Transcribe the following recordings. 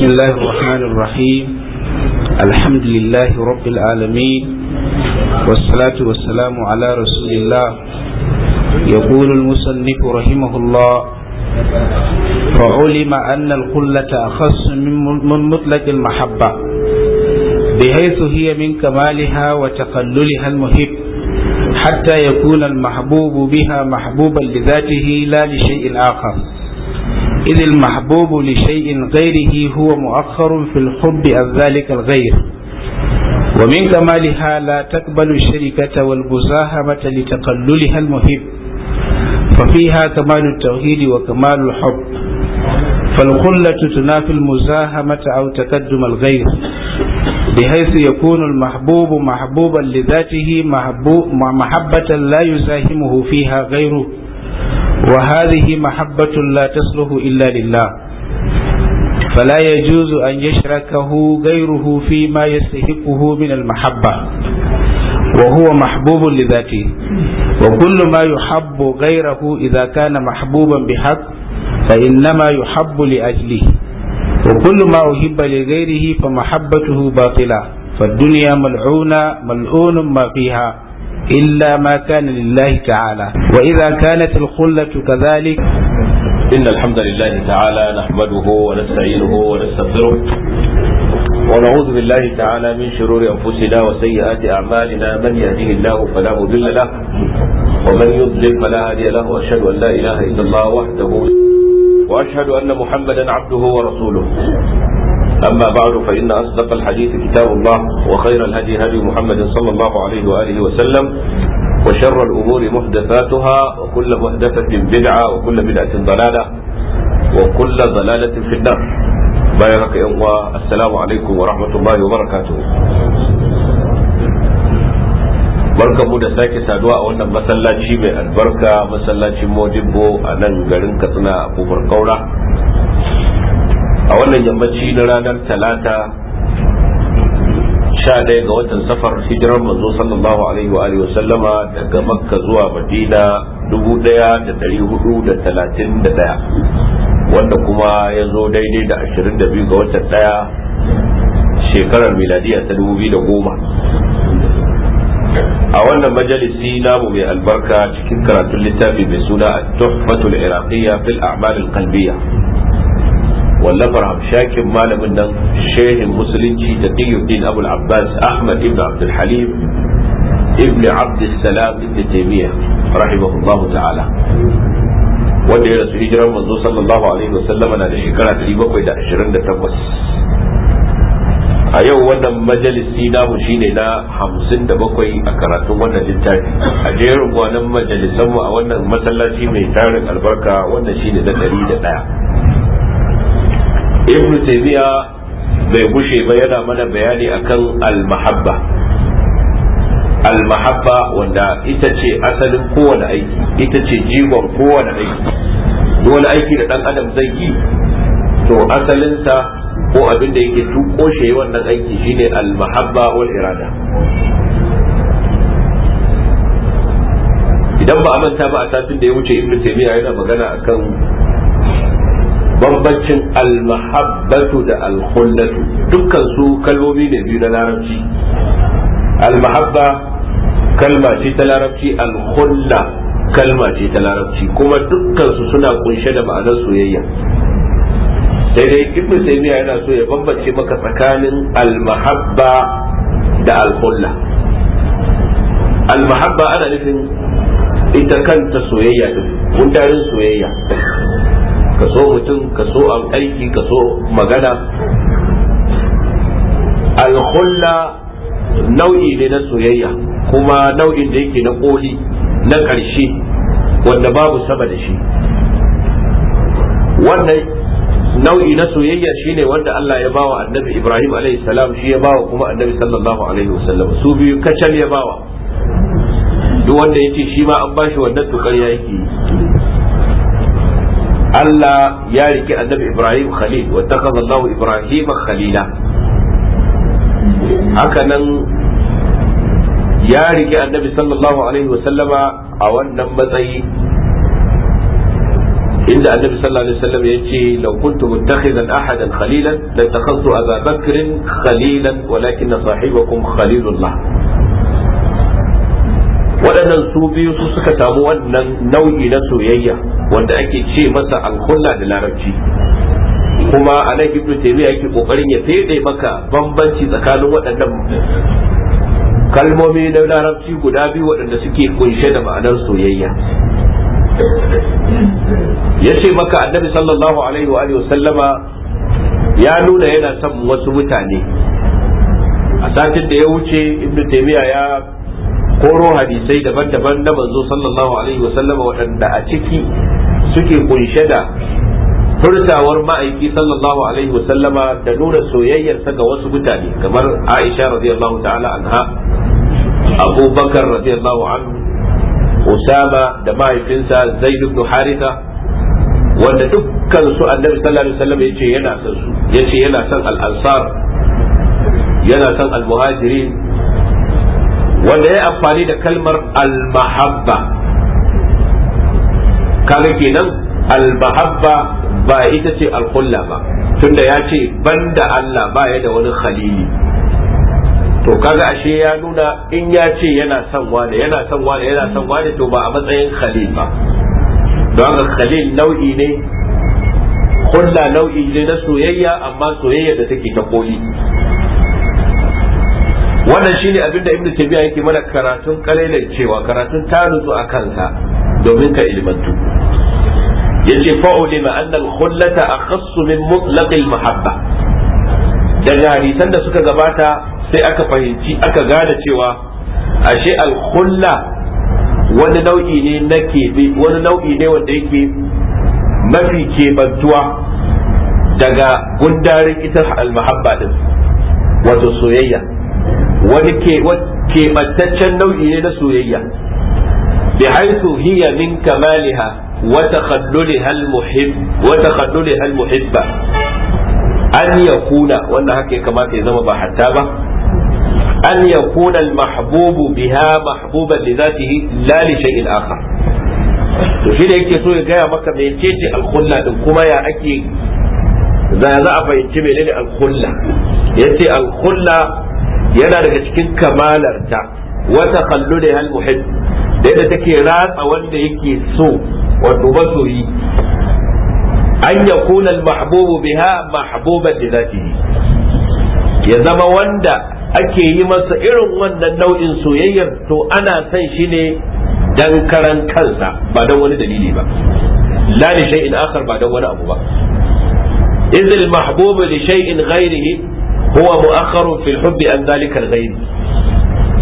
بسم الله الرحمن الرحيم الحمد لله رب العالمين والصلاة والسلام على رسول الله يقول المصنف رحمه الله فعلم أن القلة أخص من مطلق المحبة بحيث هي من كمالها وتقللها المحب حتى يكون المحبوب بها محبوبا لذاته لا لشيء آخر إذ المحبوب لشيء غيره هو مؤخر في الحب عن ذلك الغير ومن كمالها لا تقبل الشركة والمزاحمة لتقللها المهيب ففيها كمال التوحيد وكمال الحب فالخلة تنافي المزاحمة أو تقدم الغير بحيث يكون المحبوب محبوبا لذاته محبة لا يزاحمه فيها غيره وهذه محبة لا تصلح إلا لله فلا يجوز أن يشركه غيره فيما يستحقه من المحبة وهو محبوب لذاته وكل ما يحب غيره إذا كان محبوبا بحق فإنما يحب لأجله وكل ما أحب لغيره فمحبته باطلة فالدنيا ملعونة ملعون ما فيها إلا ما كان لله تعالى وإذا كانت الخلة كذلك إن الحمد لله تعالى نحمده ونستعينه ونستغفره ونعوذ بالله تعالى من شرور أنفسنا وسيئات أعمالنا من يهده الله فلا مضل له ومن يضلل فلا هادي له وأشهد أن لا إله إلا الله وحده وأشهد أن محمدا عبده ورسوله أما بعد فإن أصدق الحديث كتاب الله وخير الهدي هدي محمد صلى الله عليه وآله وسلم وشر الأمور محدثاتها وكل محدثة بدعة وكل بدعة ضلالة وكل ضلالة في النار بارك الله السلام عليكم ورحمة الله وبركاته barkanmu da sake saduwa a wannan masallaci mai albarka masallacin modibbo a nan garin katsina a kofar kaura a wannan yammaci na ranar talata sha ɗaya ga watan safar hijirar manzo sallallahu alaihi wa alihi Sallama daga makka zuwa madina dubu ɗaya da ɗari hudu da talatin da ɗaya wanda kuma ya zo daidai da ashirin da biyu ga watan ɗaya shekarar miladiya ta dubu biyu da goma a wannan majalisi namu mai albarka cikin karatun littafi mai suna a tuhfatul iraqiyya fil a'mal al wallafar hamshakin malamin nan shehin musulunci da tiyuddin abul abbas ahmad ibn abdul halim ibn abdul salam ibn taymiya rahimahullahu ta'ala wanda ya rasu hijirar manzo sallallahu alaihi wa wasallama na da shekara 728 a yau wannan majalisi namu shine na 57 a karatun wannan littafi a jerin gwanan majalisanmu a wannan masallaci mai tarin albarka wannan shine na 101 ibn taymiya bai gushe ba yana mana bayani akan al-mahabba al-mahabba wanda ita ce asalin kowane aiki ita ce jigon kowane aiki wani aiki da dan adam zai yi to asalinsa ko abin da yake tuko shi wannan aiki shine al-mahabba wal irada idan ba a manta ba a satin da ya wuce ibn taymiya yana magana akan bambancin almahabbatu da alkhullatu dukkan su kalmomi ne biyu na larabci almahabba kalma ce ta larabci alkhulla kalma ce ta larabci kuma dukkan su suna kunshe da ma'anar soyayya daidai dai ibnu taymiya yana so ya bambance maka tsakanin almahabba da alkhulla almahabba ana nufin ita kanta soyayya din gundarin soyayya ka so mutum ka so an aiki ka so magana alhulla nau'i ne na soyayya kuma nau'in da yake na koli na ƙarshe wanda babu saba da shi wannan nau'i na soyayya shine wanda Allah ya bawa annabi Ibrahim alaihi salam shi ya bawa kuma annabi sallallahu alaihi wasallam su biyu kacal ya bawa duk wanda yake shi ma an bashi wannan tukar yake Allah ya riki annabi Ibrahim Khalil wa takaza Allah Ibrahim Khalila haka nan ya riki annabi sallallahu alaihi wasallama a wannan matsayi inda annabi sallallahu alaihi wasallam ya ce law kuntu muttakhidan ahadan khalilan la takhadtu Aba Bakr khalilan walakin sahibakum khalilullah waɗannan su biyu su suka samu wannan nau'i na soyayya wanda ake ce masa alhulla da larabci kuma a nan ibnu taymiya yake kokarin ya fede maka bambanci tsakanin waɗannan kalmomi na larabci guda biyu waɗanda suke kunshe da ma'anar soyayya ya ce maka annabi sallallahu alaihi wa sallama ya nuna yana son wasu mutane a satin da ya wuce ibnu taymiya ya koro hadisai daban-daban na manzo sallallahu alaihi wasallama waɗanda a ciki suke kunshe da furtawar ma'aiki sallallahu alaihi wasallama da nuna soyayyarsa ga wasu mutane kamar Aisha radiyallahu ta'ala anha Abu Bakar radiyallahu anhu Usama da mahaifinsa Zaid ibn Haritha wanda dukkan su Annabi sallallahu alaihi wasallam yace yana son su yace yana son al-Ansar yana son al-Muhajirin wanda ya amfani da kalmar al-mahabba kaga kenan al-mahabba ba ita ce al-kulla ba tunda ya ce banda Allah ba ya da wani khalili to kaga ashe ya nuna in ya ce yana son wani yana son wani yana son wani to ba a matsayin khalil ba don khalil nau'i ne kulla nau'i ne na soyayya amma soyayya da take ta koli wannan shine abin da ibnu tabiya yake mana karatun kalailan cewa karatun ta nutsu a kansa domin ka ilmantu yace fa'ulima anna al-khullata akhassu min mutlaq al-mahabba daga hadisan da suka gabata sai aka fahimci aka gane cewa ashe al-khulla wani nau'i ne na wani nau'i ne wanda yake mafi kebantuwa daga gundarin ita al-mahabba din wato soyayya wani keɓantaccen nau'i ne na soyayya bi haythu hiya min kamaliha wa takhalluliha al-muhib wa takhalluliha al-muhibba an yakuna wannan haka ya kamata ya zama ba hatta ba an yakuna al-mahbubu biha mahbuban li zatihi la li shay'in akhar to shi da yake so ya gaya maka mecece al-khulla din kuma ya ake za a fahimci menene al-khulla yace al-khulla yana daga cikin kamalarta wata kallu da muhib da yadda take ratsa wanda yake so wato masoyi an yakuna al mahbubu biha mahbuban da zatihi ya zama wanda ake yi masa irin wannan nau'in soyayyar to ana son shi ne dan karan kansa ba don wani dalili ba la li shay'in akhar ba wani abu ba idh al mahbubu li shay'in ghayrihi huwa mu'akhkharun fil hubbi an zalika al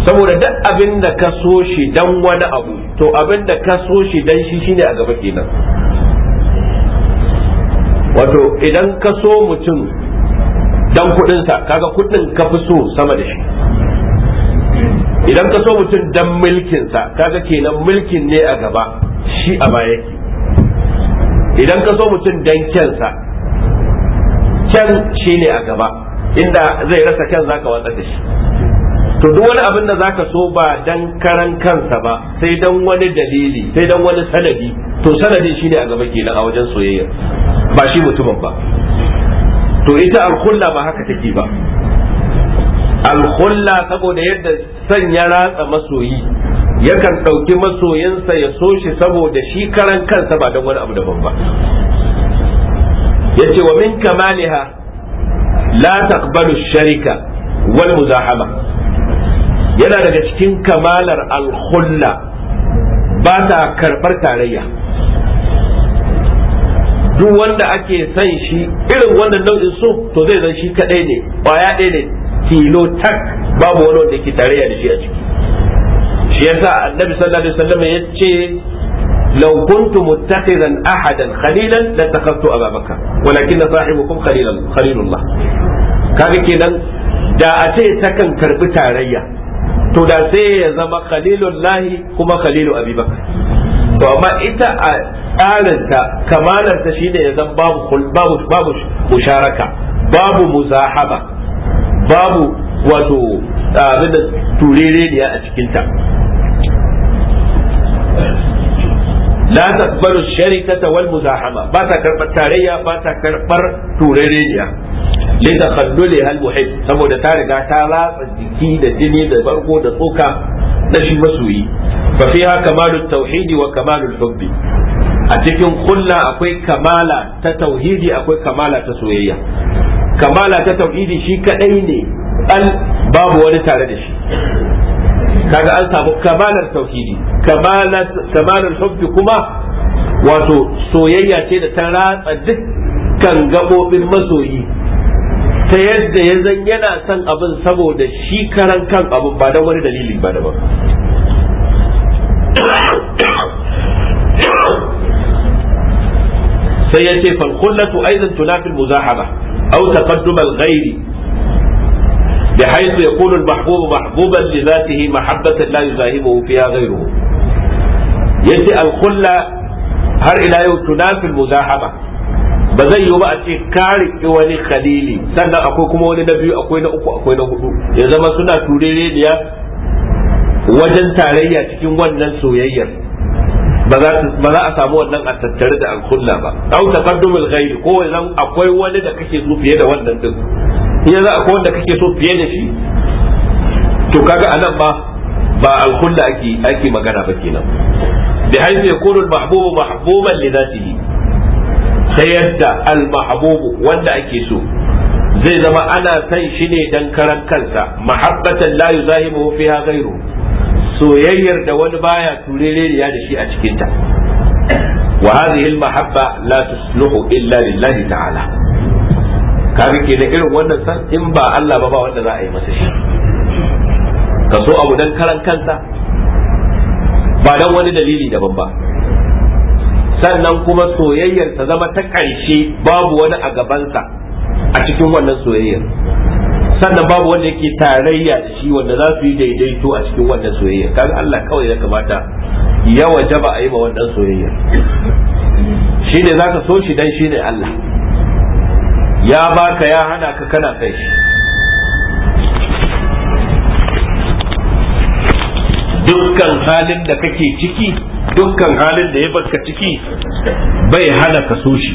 saboda duk abin da ka so shi dan wani abu to abin da ka so shi dan shi shine a gaba kenan wato idan ka so mutum dan kudinsa kaga kudin ka fi so sama da shi idan ka so mutum dan mulkinsa kaga kenan mulkin ne a gaba shi a baya yake idan ka so mutum dan kyansa kyan shi ne a gaba inda zai rasa kan zaka watsar da shi to duk wani abin da zaka so ba dan karan kansa ba sai dan wani dalili sai dan wani sanadi to sanadin shine a gaba kenan a wajen soyayya ba shi mutumin ba to ita alkulla ba haka take ba alkulla saboda yadda san ya ratsa masoyi yakan ɗauki masoyinsa ya so shi saboda shi karan kansa ba dan wani abu daban ba yace wa min kamaliha la taqbalu sharika wal muzahama yana daga cikin kamalar alkhulla ba ta karbar tarayya duk wanda ake son shi irin wannan nau'in so to zai zan shi kaɗai ne kwaya ɗaya ne tilo tak babu wani wanda yake tarayya da shi a ciki shi yasa annabi sallallahu alaihi wasallam ya ce لو كنت متخذا أحدا خليلا لاتخذت أبا بكر ولكن صاحبكم خليل خليل الله kaga kenan da a ce takan karbi tarayya to da sai ya zama khalilun lahi kuma khalilu abubakar to amma ita a tsarinta kamalarta shine ya zama babu babu babu musharaka babu muzahaba babu wato abin da turereniya a cikinta la taqbalu sharikata wal muzahama ba ta karbar tarayya ba ta karbar turereniya li takhadduli hal muhib saboda ta riga ta ratsa jiki da jini da barko da tsoka da shi masoyi fa fiha kamalut tauhidi wa kamalu hubbi a cikin kulla akwai kamala ta tauhidi akwai kamala ta soyayya kamala ta tauhidi shi kadai ne al babu wani tare da shi kaga an samu kamalar tauhidi kamalar hubbi kuma wato soyayya ce da ta ratsa dukkan gabobin masoyi ta yadda ya zan yana son abin saboda shi karan kan abin ba don wani dalili ba daban sai ya ce falkullatu aizan tunafil muzahaba au taqaddum al-ghairi بحيث يكون المحبوب محبوبا لذاته محبة لا يزاهمه فيها غيره يدي الخلة har ila yau tunafil muzahaba ba zai yi ba a ce ka riƙi wani khalili sannan akwai kuma wani na biyu akwai na uku akwai na hudu ya zama suna turereniya wajen tarayya cikin wannan soyayyar ba za a samu wannan a tattare da alkulla ba ɗauka taqaddumul ghairi ko zan akwai wani da kake so fiye da wannan din za a ko wanda kake so fiye da shi to kaga anan ba ba alhulla ake ake magana ba kenan bi haythu yakunu almahbubu mahbuban li dhatihi ta yadda al wanda ake so zai zama ana san shi ne dan karan kansa mahabbatan la yuzahimu fiha ghayru soyayyar da wani baya turereniya da shi a cikinta wa hadhihi al-mahabba la tusluhu illa lillahi ta'ala rike da irin wannan san in ba Allah ba ba wanda za a yi masa shi ka so abu dan karan kansa ba dan wani dalili daban ba sannan kuma soyayyar ta zama ta ƙarshe babu wani a gabansa a cikin wannan soyayyar sannan babu wanda yake tarayya da shi wanda za su yi daidaito a cikin wannan soyayyar kaga Allah kawai ya kamata ya wajaba a yi ma wannan soyayyar shi ne za ka so shi dan shi ne Allah ya baka ya hana ka kana kai shi dukkan halin da kake ciki dukkan halin da ya baka ciki bai hana ka so shi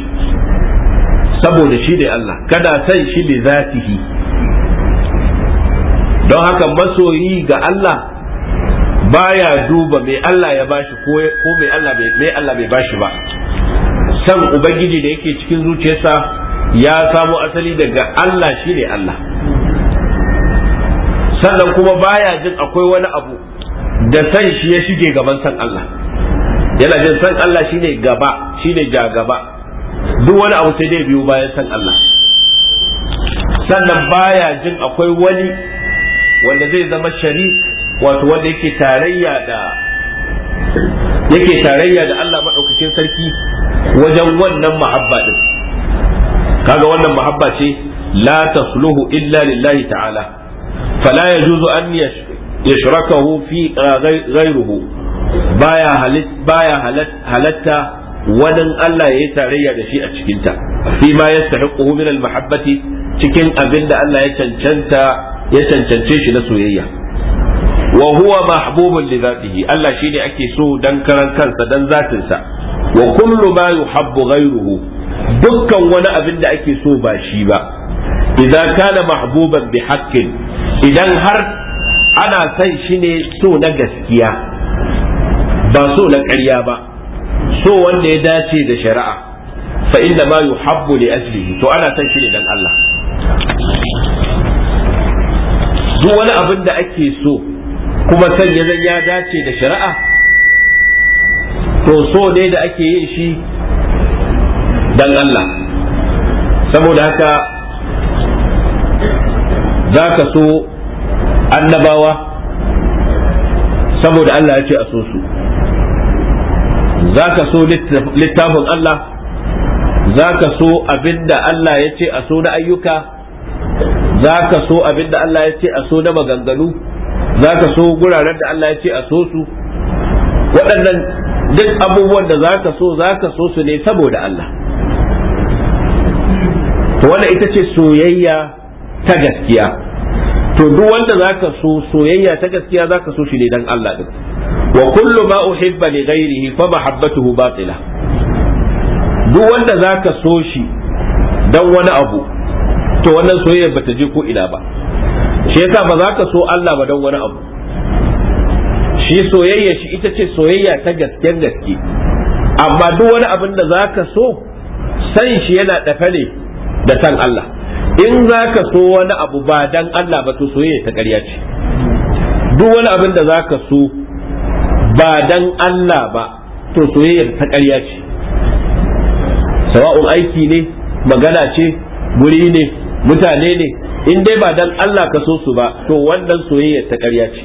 saboda shi ne Allah kada san shi da zatihi don haka masoyi ga Allah baya duba mai Allah ya bashi ko mai Allah bai bashi ba san ubangiji da yake cikin zuciyarsa ya samo asali daga Allah shi ne Allah sannan kuma baya jin akwai wani abu da san shi ya shige gaban san Allah yana jin san Allah shi ne gaba ne ja gaba duk wani abu sai dai biyu bayan san Allah sannan baya jin akwai wani wanda zai zama shari wato wanda yake tarayya da yake tarayya da Allah madaukakin sarki wajen wannan mahabba din kaga wannan mahabba ce la tasluhu illa lillahi ta'ala fala yajuzu an yashrakahu fi ah, ghayruhu baya halit baya halatta wadan Allah yayi tarayya da shi a cikinta fi ma yastahiqu min al cikin abin da Allah ya cancanta ya cancance shi na soyayya wa huwa mahbubun li zatihi Allah shine ake so dan karan kansa dan zatinsa wa kullu ma yuhabbu ghayruhu dukkan wani abin da ake so ba shi ba idza kana mahbuban bi idan har ana san shi ne so na gaskiya ba so na ƙarya ba so wanda ya dace da shari'a fa inna ma yuhabbu li ajlihi to ana san shi ne dan Allah duk wani abin da ake so kuma san ya dace da shari'a to so ne da ake yin shi dan Allah saboda haka za ka so annabawa saboda Allah ya ce a so su za ka so littafin Allah za ka so abinda Allah ya ce a so na ayyuka za ka so abinda Allah ya ce a so na maganganu za ka so guraren da Allah ya ce a so su waɗannan duk abubuwan da za ka so za ka so su ne saboda Allah to wannan ita ce soyayya ta gaskiya to duk wanda zaka so soyayya ta gaskiya zaka so shi ne dan Allah din wa kullu ma uhibba li ghairihi fa mahabbatuhu batila duk wanda zaka so shi dan wani abu to wannan soyayya bata je ko ina ba shi yasa ba zaka so Allah ba dan wani abu shi soyayya shi ita ce soyayya ta gasken gaske amma duk wani abin da zaka so san shi yana dafa ne da san Allah in za ka so wani abu ba dan Allah ba to soyayya ta ƙarya ce duk wani abin da za ka so ba dan Allah ba to soyayya ta ƙarya ce sawa'un aiki ne magana ce guri ne mutane ne in dai ba dan Allah ka so su ba to wannan soyayya ta ƙarya ce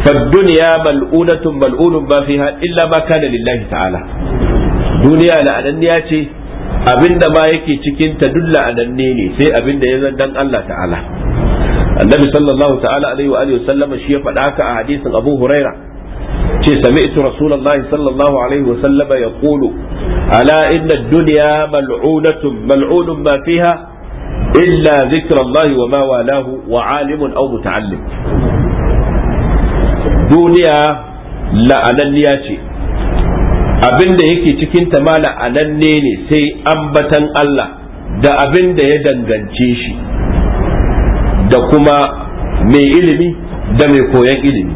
فالدنيا ملؤونة ملؤون ما فيها illa ما كان lillahi ta'ala. duniya la'ananniya ce abinda ma yake cikin ta duk la'ananne ne sai abinda ya zan dan Allah ta'ala annabi sallallahu ta'ala alaihi wa alihi sallama shi ya faɗa haka a hadisin Abu Huraira ce sami'tu rasulullahi sallallahu alaihi wa sallama yaqulu ala inna ad-dunya mal'unatun mal'unun ma fiha illa zikrullahi wa ma walahu wa 'alimun aw muta'allim duniya la'ananniya ce abin da yake cikin ta mala ananne ne sai ambatan Allah da abin da ya dangance shi da kuma mai ilimi da mai koyon ilimi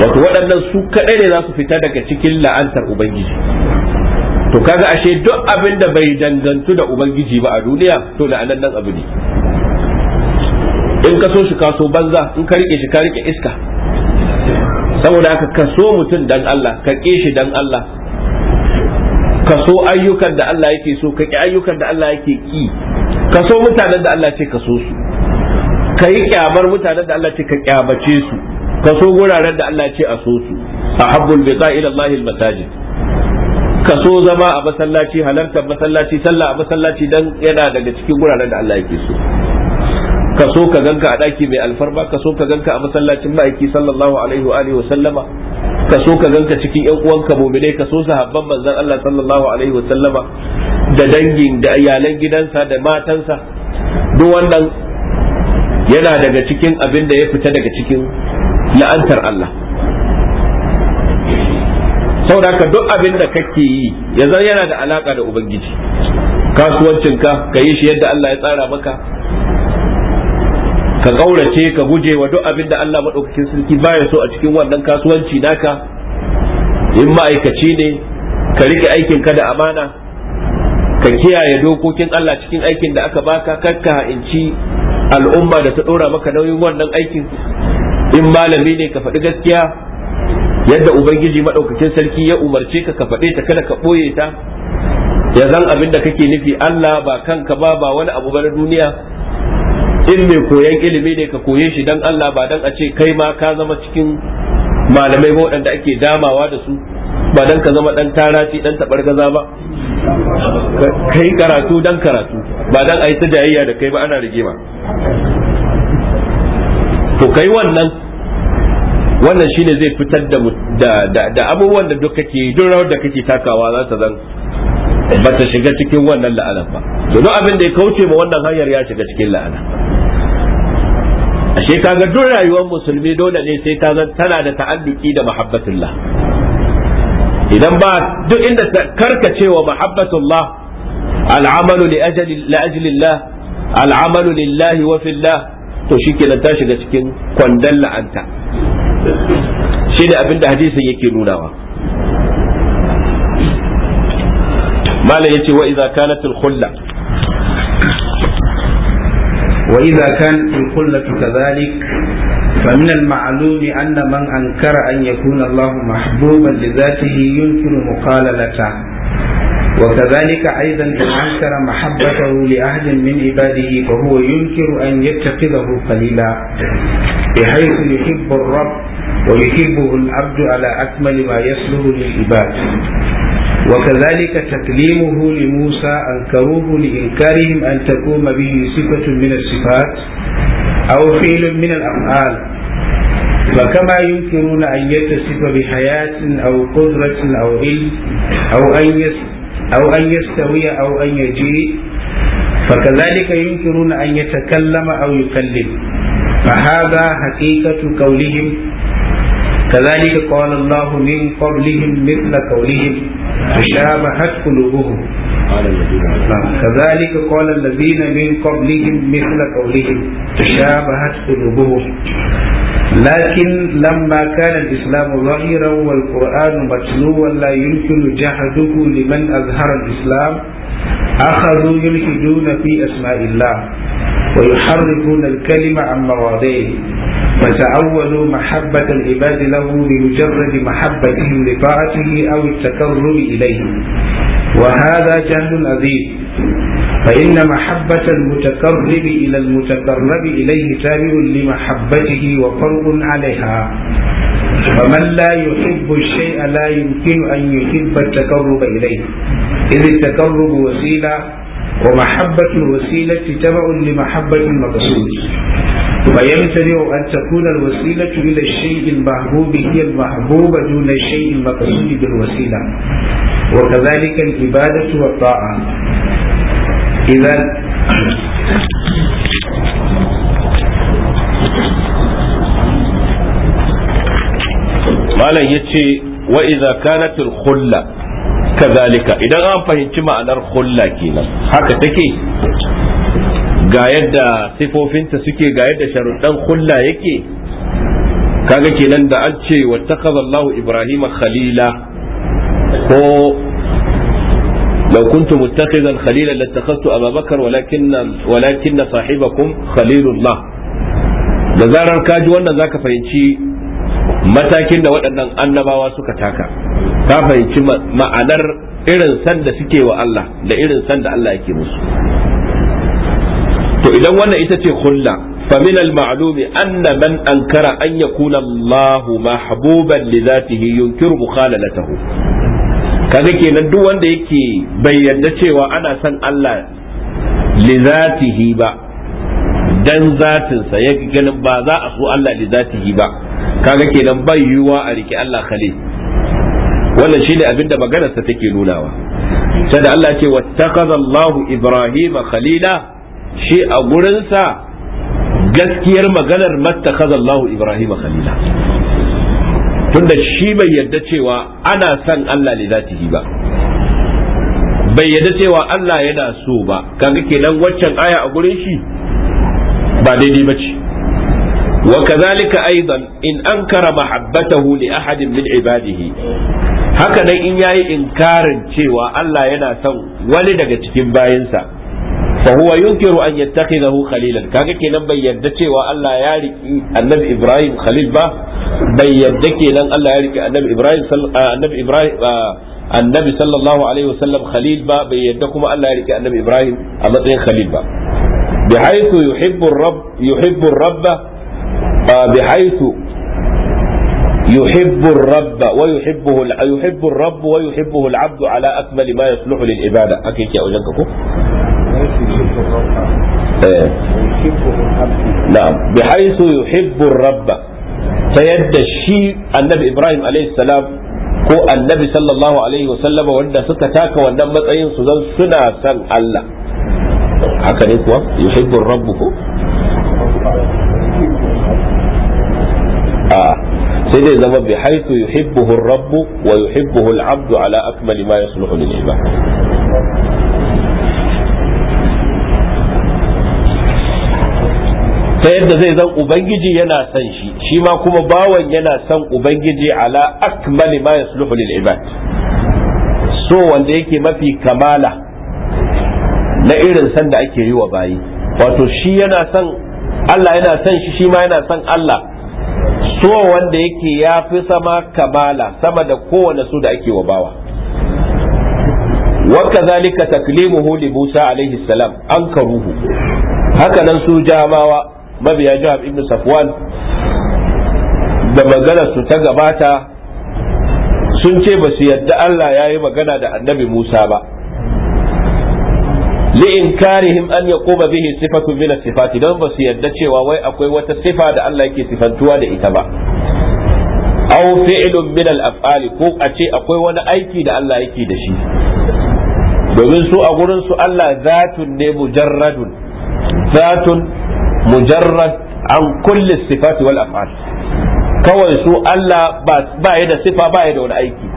wato waɗannan su kaɗai ne za su fita daga cikin la'antar ubangiji to kaga ashe duk abin da bai dangantu da ubangiji ba a duniya to la'anannan abu ne in ka so shi kaso banza in ka rike shi ka rike iska saboda haka ka so mutum dan Allah ka ƙi shi dan Allah ka so ayyukan da Allah yake so ka ƙi ayyukan da Allah yake ƙi ka so mutanen da Allah ce ka so su ka yi kyamar mutanen da Allah ce ka ƙyamace su ka so guraren da Allah ce a so su a habbul bida ila Allahil masajid ka so zama a masallaci halartar masallaci sallah a masallaci dan yana daga cikin guraren da Allah yake so ka so ka ganka a daki mai alfarma ka so ka ganka a masallacin ma'aiki sallallahu alaihi wa alihi wa sallama ka so ka ganka cikin ƴan uwanka mu'minai ka so sahabban manzon Allah sallallahu alaihi wa sallama da dangin da iyalan gidansa da matansa duk wannan yana daga cikin abin da ya fita daga cikin la'antar Allah saboda duk abin da kake yi yanzu yana da alaka da ubangiji kasuwancinka ka yi shi yadda Allah ya tsara maka ka kaurace ka guje wa duk abin da Allah maɗaukakin sarki baya so a cikin wannan kasuwanci naka in ma'aikaci ne ka rike aikin ka da amana ka kiyaye dokokin Allah cikin aikin da aka baka ka ha'inci al'umma da ta ɗora maka nauyin wannan aikin in malami ne ka faɗi gaskiya yadda ubangiji maɗaukakin sarki ya umarce ka ka faɗe ta kada ka ɓoye ta ya zan abin da kake nufi Allah ba kanka ba ba wani abu ba na duniya in mai koyan ilimi ne ka koye shi dan Allah ba dan a ce kai ma ka zama cikin malamai ba waɗanda ake damawa da su ba dan ka zama dan tarafi dan gaza ba kai karatu dan karatu ba dan a yi ta jayayya da kai ba ana ma to kai wannan wannan shine zai fitar da da abubuwan da duk kake duk rawar da kake takawa za ta zan ba ta shiga cikin wannan la'anar ba domin abin da ya kauce ma wannan hanyar ya shiga cikin la'ana ashe kaga duk rayuwar musulmi dole ne sai ta zan tana da ta'alluki da mahabbatullah idan ba duk inda karkacewa mahabbatullah al'amalu li ajli la al'amalu lillahi wa fillah to shikenan ta shiga cikin kwandon la'anta shine abin da hadisin yake nunawa malam yace wa idza kanat al khulla wa idza kanat al khulla kadhalik فمن المعلوم أن من أنكر أن يكون الله محبوبا لذاته ينكر مقاللته وكذلك أيضا من أنكر محبته لأحد من عباده فهو ينكر أن يتخذه خليلا بحيث يحب الرب ويحبه العبد على أكمل ما يصلح للعباد وكذلك تكليمه لموسى أنكروه لإنكارهم أن تقوم به صفة من الصفات أو فعل من الأفعال فكما ينكرون أن يتصف بحياة أو قدرة أو علم أو أن أو أن يستوي أو أن يجيء فكذلك ينكرون أن يتكلم أو يكلم فهذا حقيقة قولهم كذلك قال الله من قبلهم مثل قولهم تشابهت قلوبهم كذلك قال الذين من قبلهم مثل قولهم تشابهت قلوبهم لكن لما كان الإسلام ظاهرا والقرآن متلوا لا يمكن جحده لمن أظهر الإسلام أخذوا يلحدون في أسماء الله ويحرفون الكلمة عن مواضعه فتعودوا محبة العباد له لمجرد محبتهم لطاعته أو التكرم إليه وهذا جهل عظيم فإن محبة المتكرم إلى المتقرب إليه تابع لمحبته وفرض عليها فمن لا يحب الشيء لا يمكن أن يحب التقرب إليه إذ التقرب وسيلة ومحبة الوسيلة تبع لمحبة المقصود ويمتنع أن تكون الوسيلة إلى الشيء المحبوب هي المحبوبة دون الشيء المقصود بالوسيلة وكذلك العبادة والطاعة إذا ما ya وإذا كانت الخلة kazalika idan an fahimci ma'anar hulla kenan haka take ga yadda sifofinta suke ga yadda sharuɗan hulla yake kaga kenan da an ce wa Allahu Ibrahim khalila ko لو كنت متخذا خليلا لاتخذت ابا بكر ولكن ولكن صاحبكم خليل الله da zarar ka ji wannan zaka fahimci matakin da waɗannan annabawa suka taka ka fahimci ma'anar irin sanda suke wa Allah da irin sanda Allah yake musu to idan wannan ita ce hulla فمن المعلوم أن من أنكر أن يكون الله محبوبا لذاته ينكر مخاللته kaga kenan duk wanda yake bai yarda cewa ana son Allah lizatihi ba dan zatinsa ya ganin ba za a so Allah lizatihi ba kaga kenan bai yiwuwa a riki Allah khalil wannan shine abin da maganarsa take nunawa sai da Allah ce wattakaza Allahu Ibrahima khalila shi a gurinsa gaskiyar maganar mattakaza Allahu Ibrahima khalila tunda shi bai yadda cewa ana son Allah ne zatihi ba bai yadda cewa Allah yana so ba kaga kenan waccan aya a gurin shi ba daidai ba ce وكذلك أيضا إن أنكر محبته لأحد من عباده haka nan in yayi inkarin cewa Allah yana son wani daga cikin bayinsa fa huwa yunkiru an yattakhidahu khalilan kaga kenan bai yarda cewa Allah ya riki Annabi Ibrahim khalil ba bai yarda kenan Allah ya riki Annabi Ibrahim Annabi Ibrahim Annabi sallallahu alaihi wasallam khalil ba bai yarda kuma Allah ya riki Annabi Ibrahim a matsayin khalil ba bihaythu yuhibbu ar-rabb yuhibbu ar-rabb bihaythu يحب الرب ويحبه يحب الرب ويحبه العبد على أكمل ما يصلح للعبادة أكيد يا أوجنككو إيه. نعم بحيث يحب الرب فيد الشيء النبي إبراهيم عليه السلام ko annabi sallallahu alaihi wasallama wanda suka taka wannan matsayin su zan suna san Allah haka ne kuwa yuhibbu rabbuku sai dai zama bi haitu yuhibbuhu rabbu wa yuhibbuhu al-abdu ala akmali ma yasluhu lil ibad ta yadda zai zan ubangiji yana son shi shi ma kuma bawan yana san ubangiji ala akmali ma yasluhu lil ibad so wanda yake mafi kamala na irin san da ake yi wa bayi wato shi yana son Allah yana san shi shi ma yana son Allah so wanda yake ya fi sama kamala sama da kowane su da ake wa bawa waka zalika taklimuhu li Musa alaihi salam an karuhu haka nan su jamawa mabiya jihar ibn Safwan da maganar su ta gabata sun ce ba su yadda Allah ya yi magana da annabi Musa ba li'inkarihim an yaquma bihi sifatun min sifati dan ba su yadda cewa wai akwai wata sifa da Allah yake sifantuwa da ita ba aw fi'lun min al ko a ce akwai wani aiki da Allah yake da shi domin su a gurin su Allah zatun ne mujarradun zatun mujarrad an kulli sifati wal af'al kawai su Allah ba ya da sifa ba ya da wani aiki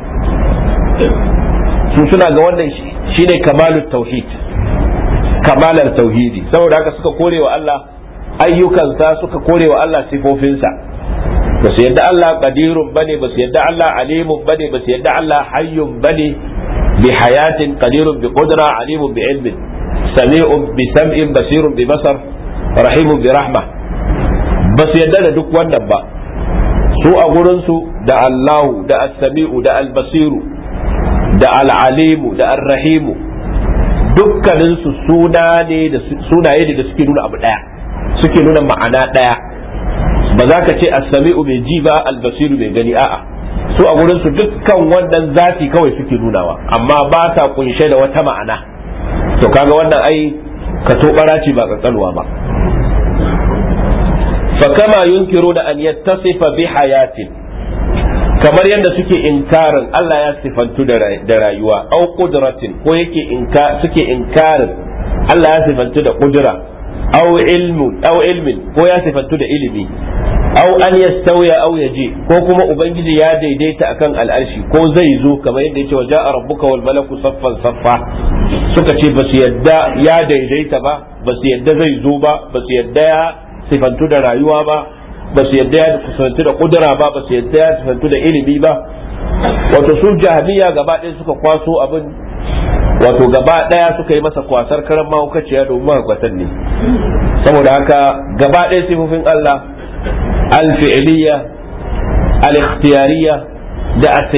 su suna ga wannan shine kamalu tauhid kamalar tauhidi saboda haka suka kore wa Allah ayyukansa suka kore wa Allah sifofinsa ba su yadda Allah qadirun bane ba su yadda Allah alimun bane ba su yadda Allah hayyun bane bi hayatin qadirun bi qudra alimun bi ilmin sami'un bi sam'in basirun bi basar rahimun bi rahma ba su yadda da duk wannan ba su a gurin su da Allahu da as-sami'u da al-basiru da al-alimu da ar-rahimu dukkaninsu sunaye da suke nuna abu ɗaya suke nuna ma'ana ɗaya ba za ka ce as-sami'u bai ji ba al-basiru mai gani a'a su a gurin su dukkan wannan zafi kawai suke nunawa amma ba ta kunshe da wata ma'ana to kaga wannan ai ka to barace ba tsatsalwa ba fa kama yunkiru da an yattasifa bi hayatin kamar yadda suke inkarin Allah ya sifantu da rayuwa au kudratin ko yake inka suke inkarin Allah ya sifantu da kudura au ilmu au ilmin ko ya sifantu da ilimi au an yastawiya au yaji ko kuma ubangiji ya daidaita akan al'arshi ko zai zo kamar yadda yake wajen rabbuka wal malaku saffan saffa suka ce basu yadda ya daidaita ba basu yadda zai zo ba basu yadda ya sifantu da rayuwa ba ba su yadda ya kusantu da kudura ba ba su yadda ya kusantu da ilimi ba wato su jahiliya gaba ɗaya suka kwaso abin wato gaba ɗaya suka yi masa kwasar karan mahaukaciya domin magwatan ne saboda haka gaba ɗaya sifofin Allah al al-ikhtiyariya da as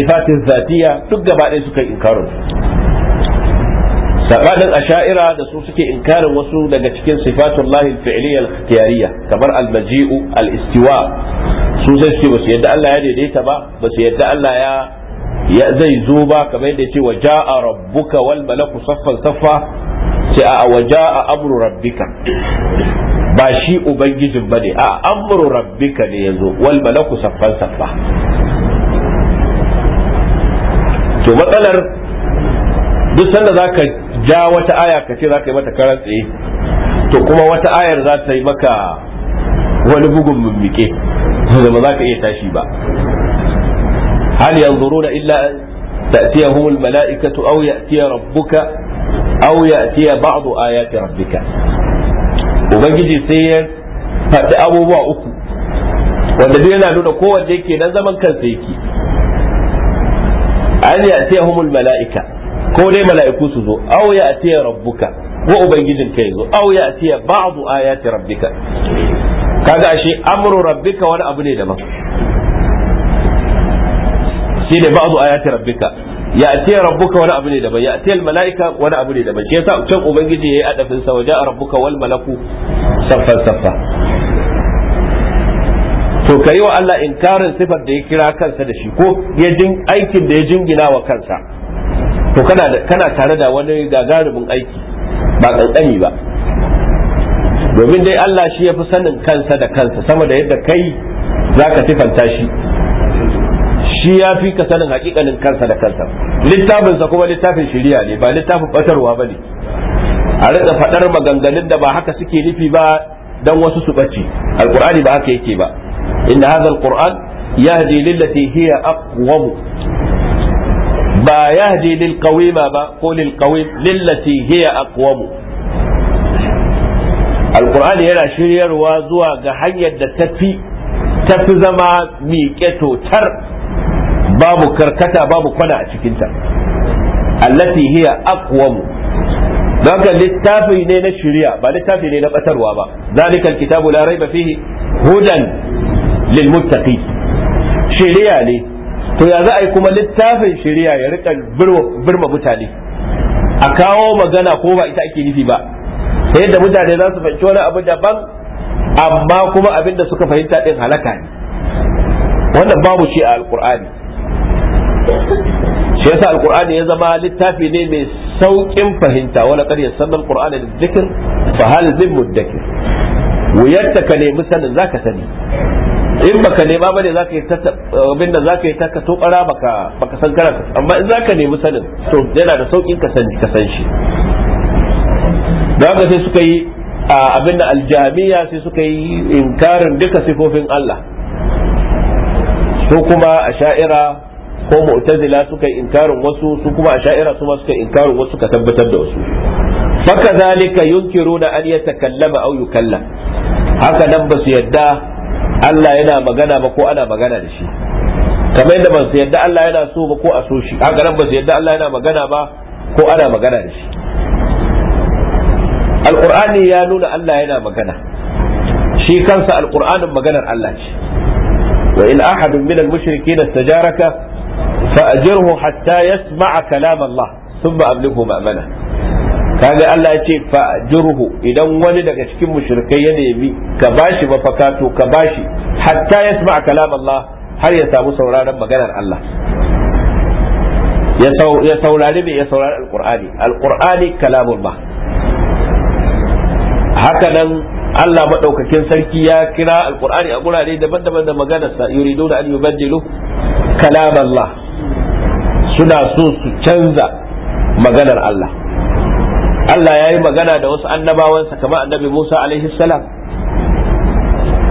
zatiya duk gaba ɗaya suka inkaru sabanin asha'ira da su suke inkarin wasu daga cikin sifatun lahi fi'liyal ikhtiyariya kamar al-maji'u al-istiwa su sai suke basu yadda Allah ya daidaita ba basu yadda Allah ya ya zai zo ba kamar yadda ce wa ja'a rabbuka wal malaku saffan saffa sai a wa a amru rabbika ba shi ubangijin bane a amru rabbika ne yazo wal malaku saffan saffa to matsalar duk sanda za ka ja wata aya ka ce za ka yi mata karan tsaye to kuma wata ayar za ta yi maka wani bugun mummike da ba za ka iya tashi ba hal yanzuruna illa تأتيهم الملائكة أو يأتي ربك أو يأتي بعض آيات ربك ubangiji sai ya faɗi abubuwa uku wanda duk yana nuna kowanne yake nan zaman kansa yake an ya humul mala'ika ko dai mala'iku su zo aw ya atiya rabbuka ko ubangijin ka zo, aw ya atiya ba'du ayati rabbika kaga ashe amru rabbika wani abu ne daban ne ba'du ayati rabbika ya atiya rabbuka wani abu ne daban ya atiya mala'ika wani abu ne daban shi yasa can ubangiji yayi adafin sa waja rabbuka wal malaku saffan saffa to kai wa Allah inkarin sifar da ya kira kansa da shi ko ya aikin da ya jingina wa kansa to kana tare da wani gagarumin aiki ba kankani ba domin dai Allah shi ya fi sanin kansa da kansa sama da yadda kai za ka tifanta shi shi ya fi ka sanin hakikanin kansa da kansa littafinsa kuma littafin shiriya ne ba littafin batarwa ba ne a rika faɗar maganganun da ba haka suke nufi ba dan wasu su ɓace alkur'ani ba haka yake ba inna hadha alquran yahdi lillati hiya aqwam ba yahdi lil qawima ba ko lil qawim lillati hiya aqwamu alqur'ani yana shiryarwa zuwa ga hanyar da tafi tafi zama miƙe totar babu karkata babu kwana a cikinta allati hiya aqwamu Zaka littafi ne na shirya ba littafi ne na batarwa ba zalikal kitabu la raiba fihi hudan lil shirya ne to ya za a yi kuma littafin shari'a ya rika birma mutane a kawo magana ko ba ita ake nufi ba sai da mutane za su fahimci wani abu daban amma kuma abin da suka fahimta din halaka ne wannan babu shi a alkur'ani shi yasa alkur'ani ya zama littafi ne mai sauƙin fahimta wala kar ya sanar alkur'ani da zikir fa hal zin muddakir wuyarta ka nemi sanin zaka sani in baka nema ba ne zaka yi abin da zaka yi ta ka tokara baka baka san karanta, amma in zaka nemi sanin to yana da saukin ka san ka san shi zaka sai suka yi abin da aljamiya sai suka yi inkarin duka sifofin Allah su kuma a sha'ira ko mu'tazila suka yi inkarin wasu su kuma a sha'ira su ma suka yi inkarin wasu ka tabbatar da wasu haka zalika yunkiruna an yatakallama aw yukallam haka nan ba su yadda Allah yana magana ba ko ana magana da shi kamar yadda ba su yadda Allah yana so ba ko a so shi haka nan ba su yadda Allah yana magana ba ko ana magana da shi alqur'ani ya nuna Allah yana magana shi kansa alqur'anin maganar Allah ce wa in ahadun min al-mushrikeena istajaraka fa ajirhu hatta yasma'a kalam Allah thumma ablighu ma'mana kaga Allah ya ce jurhu idan wani daga cikin mushrikai ya nemi ka bashi mafaka to ka bashi hatta yasma kalam Allah har ya samu sauraron maganar Allah ya saurari mai ya saurari alqur'ani alqur'ani kalamullah haka nan Allah maɗaukakin sarki ya kira alkur'ani a gurare daban-daban da maganar sa yuriduna an yubaddilu kalam Allah suna so su canza maganar Allah Allah ya yi magana da wasu annabawansa kamar annabi Musa alaihi salam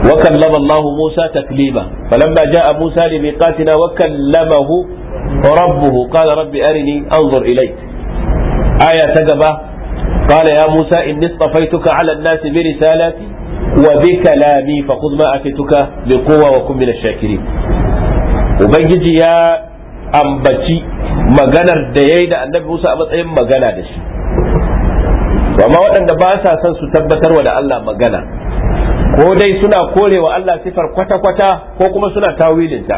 wa kallama Allah Musa taklima falamma a Musa li miqatina wa kallamahu rabbuhu qala rabbi arini anzur ilayk aya ta gaba qala ya Musa inni istafaituka ala an-nas bi risalati wa bi kalami fakhudh ma atituka bi quwwa wa kun min ubangiji ya ambaci maganar da yayi da annabi Musa a matsayin magana da shi to amma waɗanda ba sa son su wa da Allah magana ko dai suna korewa Allah sifar kwata-kwata ko kuma suna tawilinta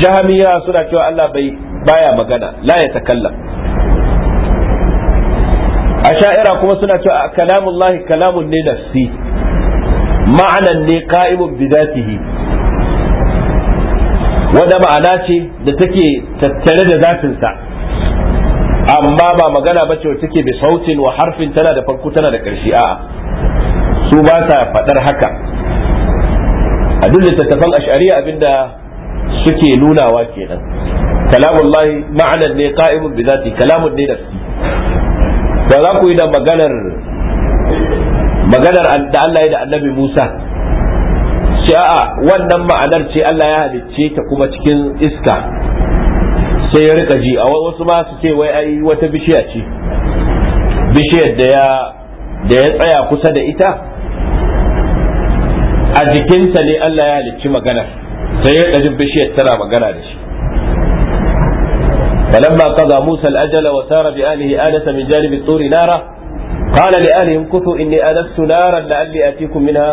jahamiya suna cewa Allah bai baya magana la ya takallam asha'ira kuma suna cewa kalamullahi kalamun ne nafsi ma'anan ne qa'imun bi zatihi wanda ma'ana ce da take tattare da sa amma ba magana ba ce take bi sautin wa harfin tana da farko tana da ƙarshe a'a su ba faɗar haka a duk littattafan ash'ariya abinda suke nunawa kenan kalamullahi ma'anan ne qa'imun bi zati kalamun ne nafsi ba za ku yi da maganar maganar da Allah ya da annabi Musa ce a'a wannan ma'anar ce Allah ya halicce ta kuma cikin iska sai ya rika ji a wasu ma su ce wai ai wata bishiya ce bishiyar da ya da ya tsaya kusa da ita a jikinta ne Allah ya halicci magana sai ya rika jin bishiyar tana magana da shi فلما قضى موسى الأجل وسار بأهله آنس من جانب الطور نارا قال لأهلهم كثوا إني آنست نارا لعلي آتيكم منها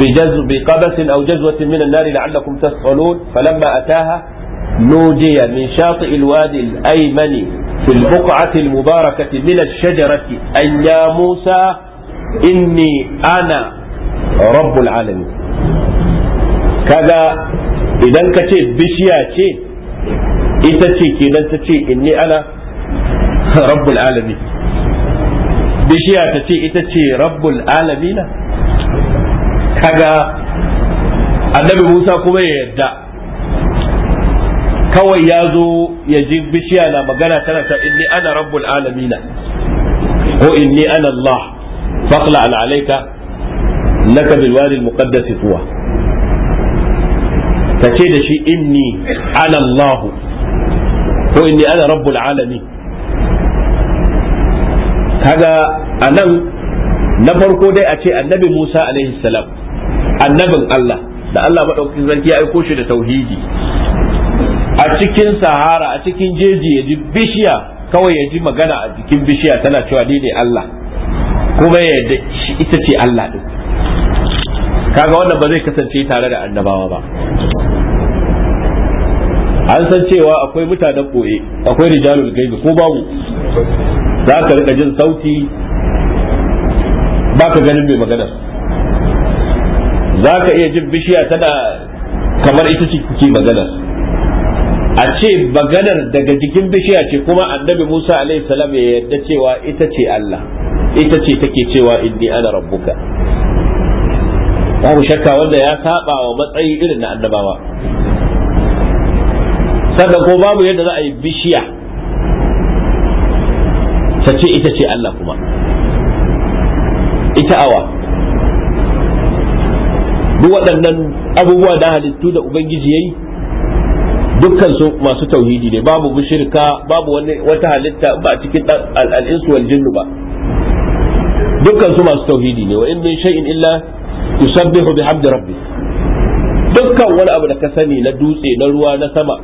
بجز بقبس أو جزوة من النار لعلكم تسألون فلما أتاها نودي من شاطئ الوادي الأيمن في البقعة المباركة من الشجرة أن يا موسى إني أنا رب العالمين kaga idan ka bishiya ce ita ce ke ta ce inni ana rabbul alami bishiya ta ce ita ce rabbul alami kaga annabi musa kuma ya yarda. kawai ya zo ya ji bishiya na magana tana ta inni ana rabbul alamina ko inni ana Allah faqla al alayka laka bil wadi al muqaddas tuwa tace da shi inni ana Allah ko inni ana rabbul alamin kaga anan na farko dai a ce annabi Musa alaihi salam annabin Allah da Allah madaukakin sarki ya aiko shi da tauhidi a cikin sahara a cikin jeji ya ji bishiya kawai ya ji magana a jikin bishiya tana cewa ni ne Allah kuma ya da ita ce Allah din kaga wannan ba zai kasance tare da annabawa ba an san cewa akwai mutanen boye akwai rijalul gaibi ko babu za ka rika jin sauti ba ka ganin mai magana za ka iya jin bishiya tana kamar ita ce kuke magana a ce maganar daga jikin bishiya ce kuma annabi Musa alaihi salam ya yarda cewa ita ce Allah ita ce take cewa inni ana rabbuka babu shakka wanda ya saba wa matsayi irin na annabawa Saka ko babu yadda za a yi bishiya ta ce ita ce Allah kuma ita awa duk waɗannan abubuwa da halittu da ubangiji ya yi dukkan su masu tauhidi ne babu mushrika babu wani wata halitta ba cikin al-insu wal jinnu ba dukkan su masu tauhidi ne wa in min shay'in illa yusabbihu bihamdi rabbi dukkan wani abu da ka sani na dutse na ruwa na sama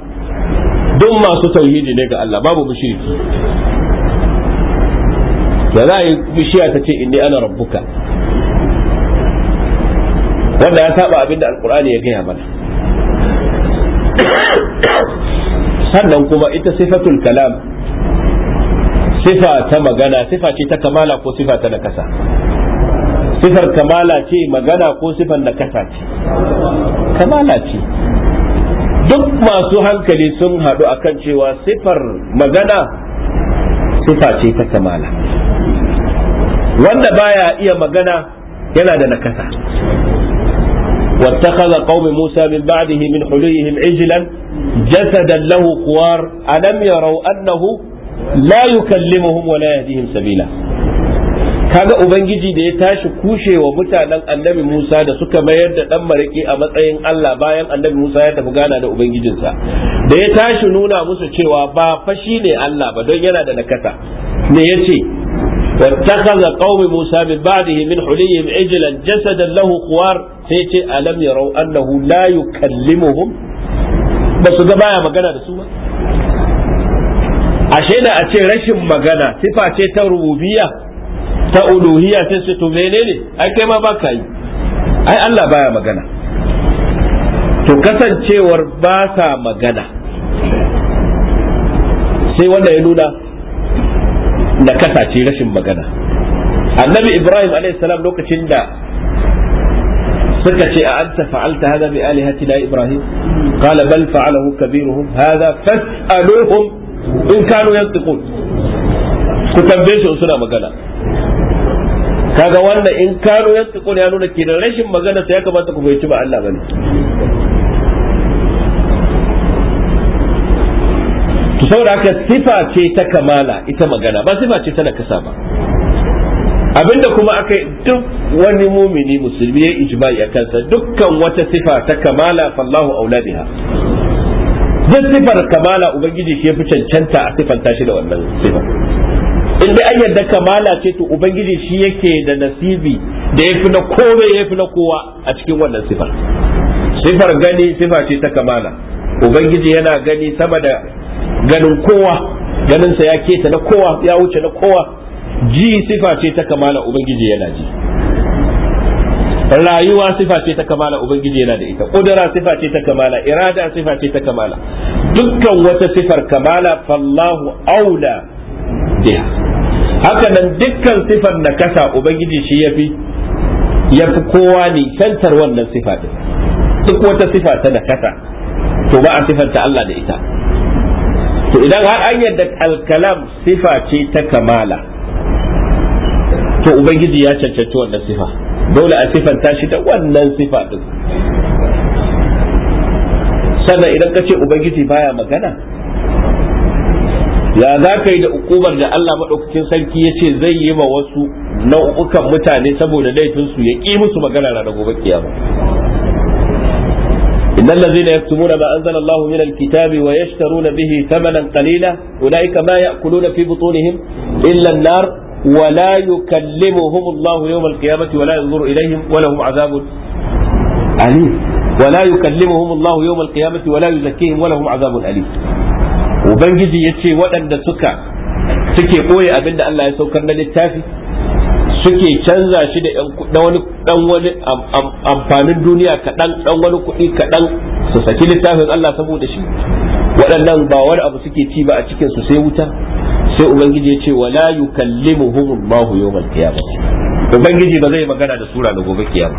duk masu tauhidi ne ga Allah babu mushriki da za a yi bishiya ta ce inni ana rabbuka wanda ya saba abinda alkur'ani ya gaya mana sannan kuma ita sifatul kalam sifa ta magana sifa ce ta kamala ko sifa ta nakasa sifar kamala ce magana ko sifar nakasa ce kamala ce duk masu hankali sun haɗu akan cewa sifar magana sifa ce ta kamala wanda baya iya magana yana da nakasa واتخذ قوم موسى من بعده من حليهم عجلا جسدا له خوار ألم يروا أنه لا يكلمهم ولا يهديهم سبيلا kaga ubangiji da ya tashi kushe wa mutanen annabi Musa da suka mayar da dan mariki a matsayin Allah bayan annabi Musa ya tafi gana da ubangijinsa da ya tashi nuna musu cewa ba fashi ne Allah ba don yana da nakata me yace واتخذ قوم موسى من بعده من حليهم عجلا جسدا له خوار سيتي ألم يروا أنه لا يكلمهم بس ده baya magana da su ba ashe da a ce rashin magana sifa ce ta rububiyya ta sai to menene ai ma ba yi ai Allah baya magana to kasancewar ba sa magana sai wanda ya nuna na kasa ce rashin magana annabi ibrahim alayhi salam lokacin da suka ce a anta fa'alta hada bi alihati la ibrahim qala bal fa'alahu kabiruhum hada fas'aluhum in kanu yantiqun ku tambaye su suna magana kaga wannan in kanu yantiqun ya nuna kenan rashin magana sai ya kamata ku fahimci ba Allah bane to saboda haka sifa ce ta kamala ita magana ba sifa ce ta kasa ba abinda kuma aka duk wani mumini musulmi ya ijma'i a kansa dukkan wata sifa ta kamala fallahu aula biha duk sifar kamala ubangiji shi fi cancanta a sifanta shi da wannan sifa in dai an yarda kamala ce to ubangiji shi yake da nasibi da yafi na kome yafi na kowa a cikin wannan sifar sifar gani sifa ce ta kamala ubangiji yana gani sama da ganin kowa ganin sa ya keta na kowa ya wuce na kowa ji sifa ce ta kamala ubangiji yana ji rayuwa sifa ce ta kamala ubangiji yana da ita kudura sifa ce ta kamala irada sifa ce ta kamala dukkan wata sifar kamala fallahu aula biha haka nan dukkan sifar na kasa ubangiji shi yafi yafi kowa ne santar wannan sifa din duk wata sifa ta kasa to ba a sifanta Allah da ita to idan har an yadda alkalam sifa ce ta kamala to ubangiji ya cancanci wannan sifa dole a sifanta shi ta wannan sifa din sannan idan ka ce ubangiji baya magana ya za ka yi da ukubar da Allah maɗaukakin sarki ya ce zai yi ma wasu nau'ukan mutane saboda laifinsu ya ƙi musu magana da gobe kiyama إن الذين يكتمون ما أنزل الله من الكتاب ويشترون به ثمنا قليلا أولئك ما يأكلون في بطونهم إلا النار ولا يكلمهم الله يوم القيامة ولا ينظر إليهم ولهم عذاب أليم ولا يكلمهم الله يوم القيامة ولا يزكيهم ولهم عذاب أليم وبنجي يتشي ودن سكا suke ɓoye abin da Allah ya saukar na littafi suke canza shi da dan wani amfanin duniya kaɗan dan wani kuɗi kaɗan su saki littafin Allah saboda shi waɗannan ba wani abu suke ci ba a cikin su sai wuta sai ubangiji ya ce wala yukallimuhum Allah yawmal qiyamah ubangiji ba zai magana da sura da gobe kiyama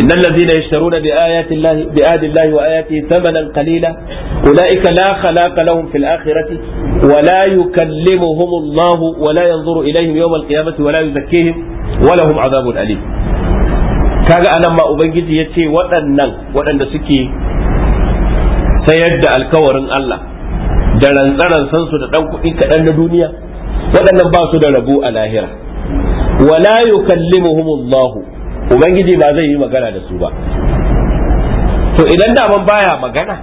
innal ladina yashtaruna bi ayati Allah bi ayati Allah wa ayatihi thamanan qalila ulaika la khalaqa fil akhirati ولا يكلمهم الله ولا ينظر إليهم يوم القيامة ولا يزكيهم ولهم عذاب أليم kaga anan ma ubangiji yace waɗannan waɗanda suke sayar da alkawarin Allah da rantsaran san su da dan kuɗi kaɗan na duniya waɗannan ba su da rabo a lahira wala yukallimuhumullahu ubangiji ba zai yi magana da su ba to idan da man baya magana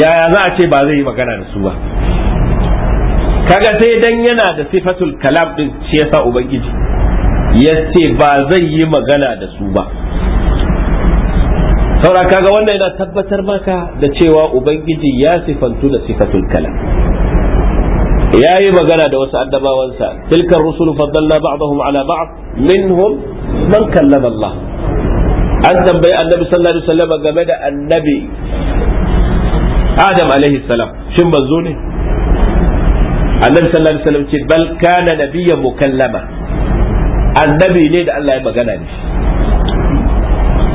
yaya za a ce ba zai yi magana da su ba kaga sai dan yana da sifatul kalam din shi yasa ubangiji ya ce ba zai yi magana da su ba saura kaga wannan yana tabbatar maka da cewa ubangiji ya sifantu da sifatul kalam ya yi magana da wasu addabawansa tilkar rusulu faddalla ba'dahum ala ba'd minhum man kallama Allah an tambayi annabi sallallahu alaihi wasallam game da annabi Adam alaihi salam shin manzo ne annabi sallallahu alaihi wasallam ce bal kana nabiyyan mukallama annabi ne da Allah ya magana da shi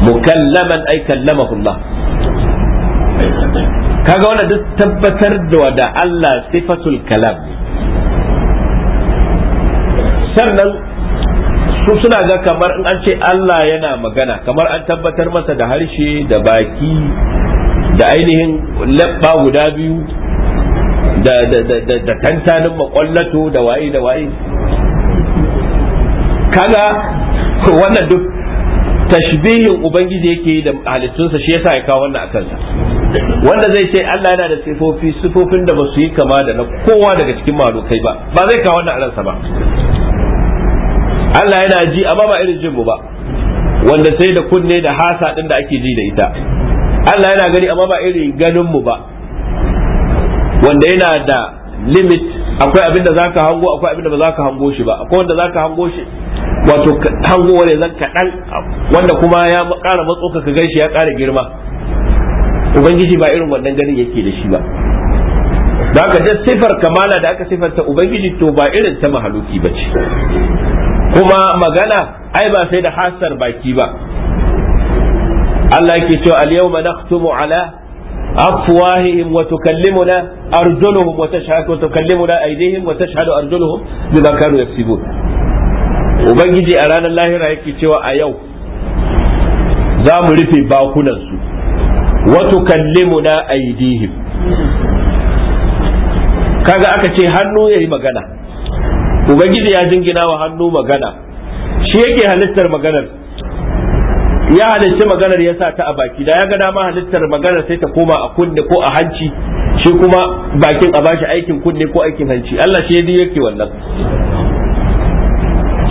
mukallaman ay kallamahu Allah kaga wannan duk tabbatar da da Allah sifatul kalam sannan su suna ga kamar in an ce Allah yana magana kamar an tabbatar masa da harshe da baki da ainihin labba guda biyu da tantanin makwallato da waye da waye kaga wannan duk tashbihin ubangiji yake yi da halittunsa shi yasa ya kawo wannan a kansa wanda zai ce Allah yana da sifofi sifofin da ba su yi kama da na kowa daga cikin malukai ba ba zai kawo wannan a ransa ba Allah yana ji amma ba irin jin mu ba wanda sai da kunne da hasa din da ake ji da ita Allah yana gani amma ba irin ganin mu ba wanda yana da limit akwai abin da zaka hango akwai abin da ba zaka hango shi ba akwai wanda zaka hango shi wato hango wanda zan kaɗan wanda kuma ya kara matso ka ka ganshi ya kara girma ubangiji ba irin wannan ganin yake da shi ba da aka ji sifar kamala da aka sifarta ubangiji to ba irin ta mahaluki ba ce kuma magana ai ba sai da hasar baki ba Allah yake cewa al-yawma nakhtumu ala أفواههم وتكلمنا أرجلهم وتشهد وتكلمنا أيديهم وتشهد أرجلهم بما كانوا يكسبون وبنجي أرانا الله رأيك سوى أيو زام رفي باقنا وتكلمنا أيديهم kaga aka ce hannu ya yi magana ubangiji ya jingina wa hannu magana shi yake halittar maganar ya halitta maganar ya sa ta a baki da ya ga dama halittar maganar sai ta koma a kunne ko a hanci shi kuma bakin a bashi aikin kunne ko aikin hanci Allah shi yadda yake wannan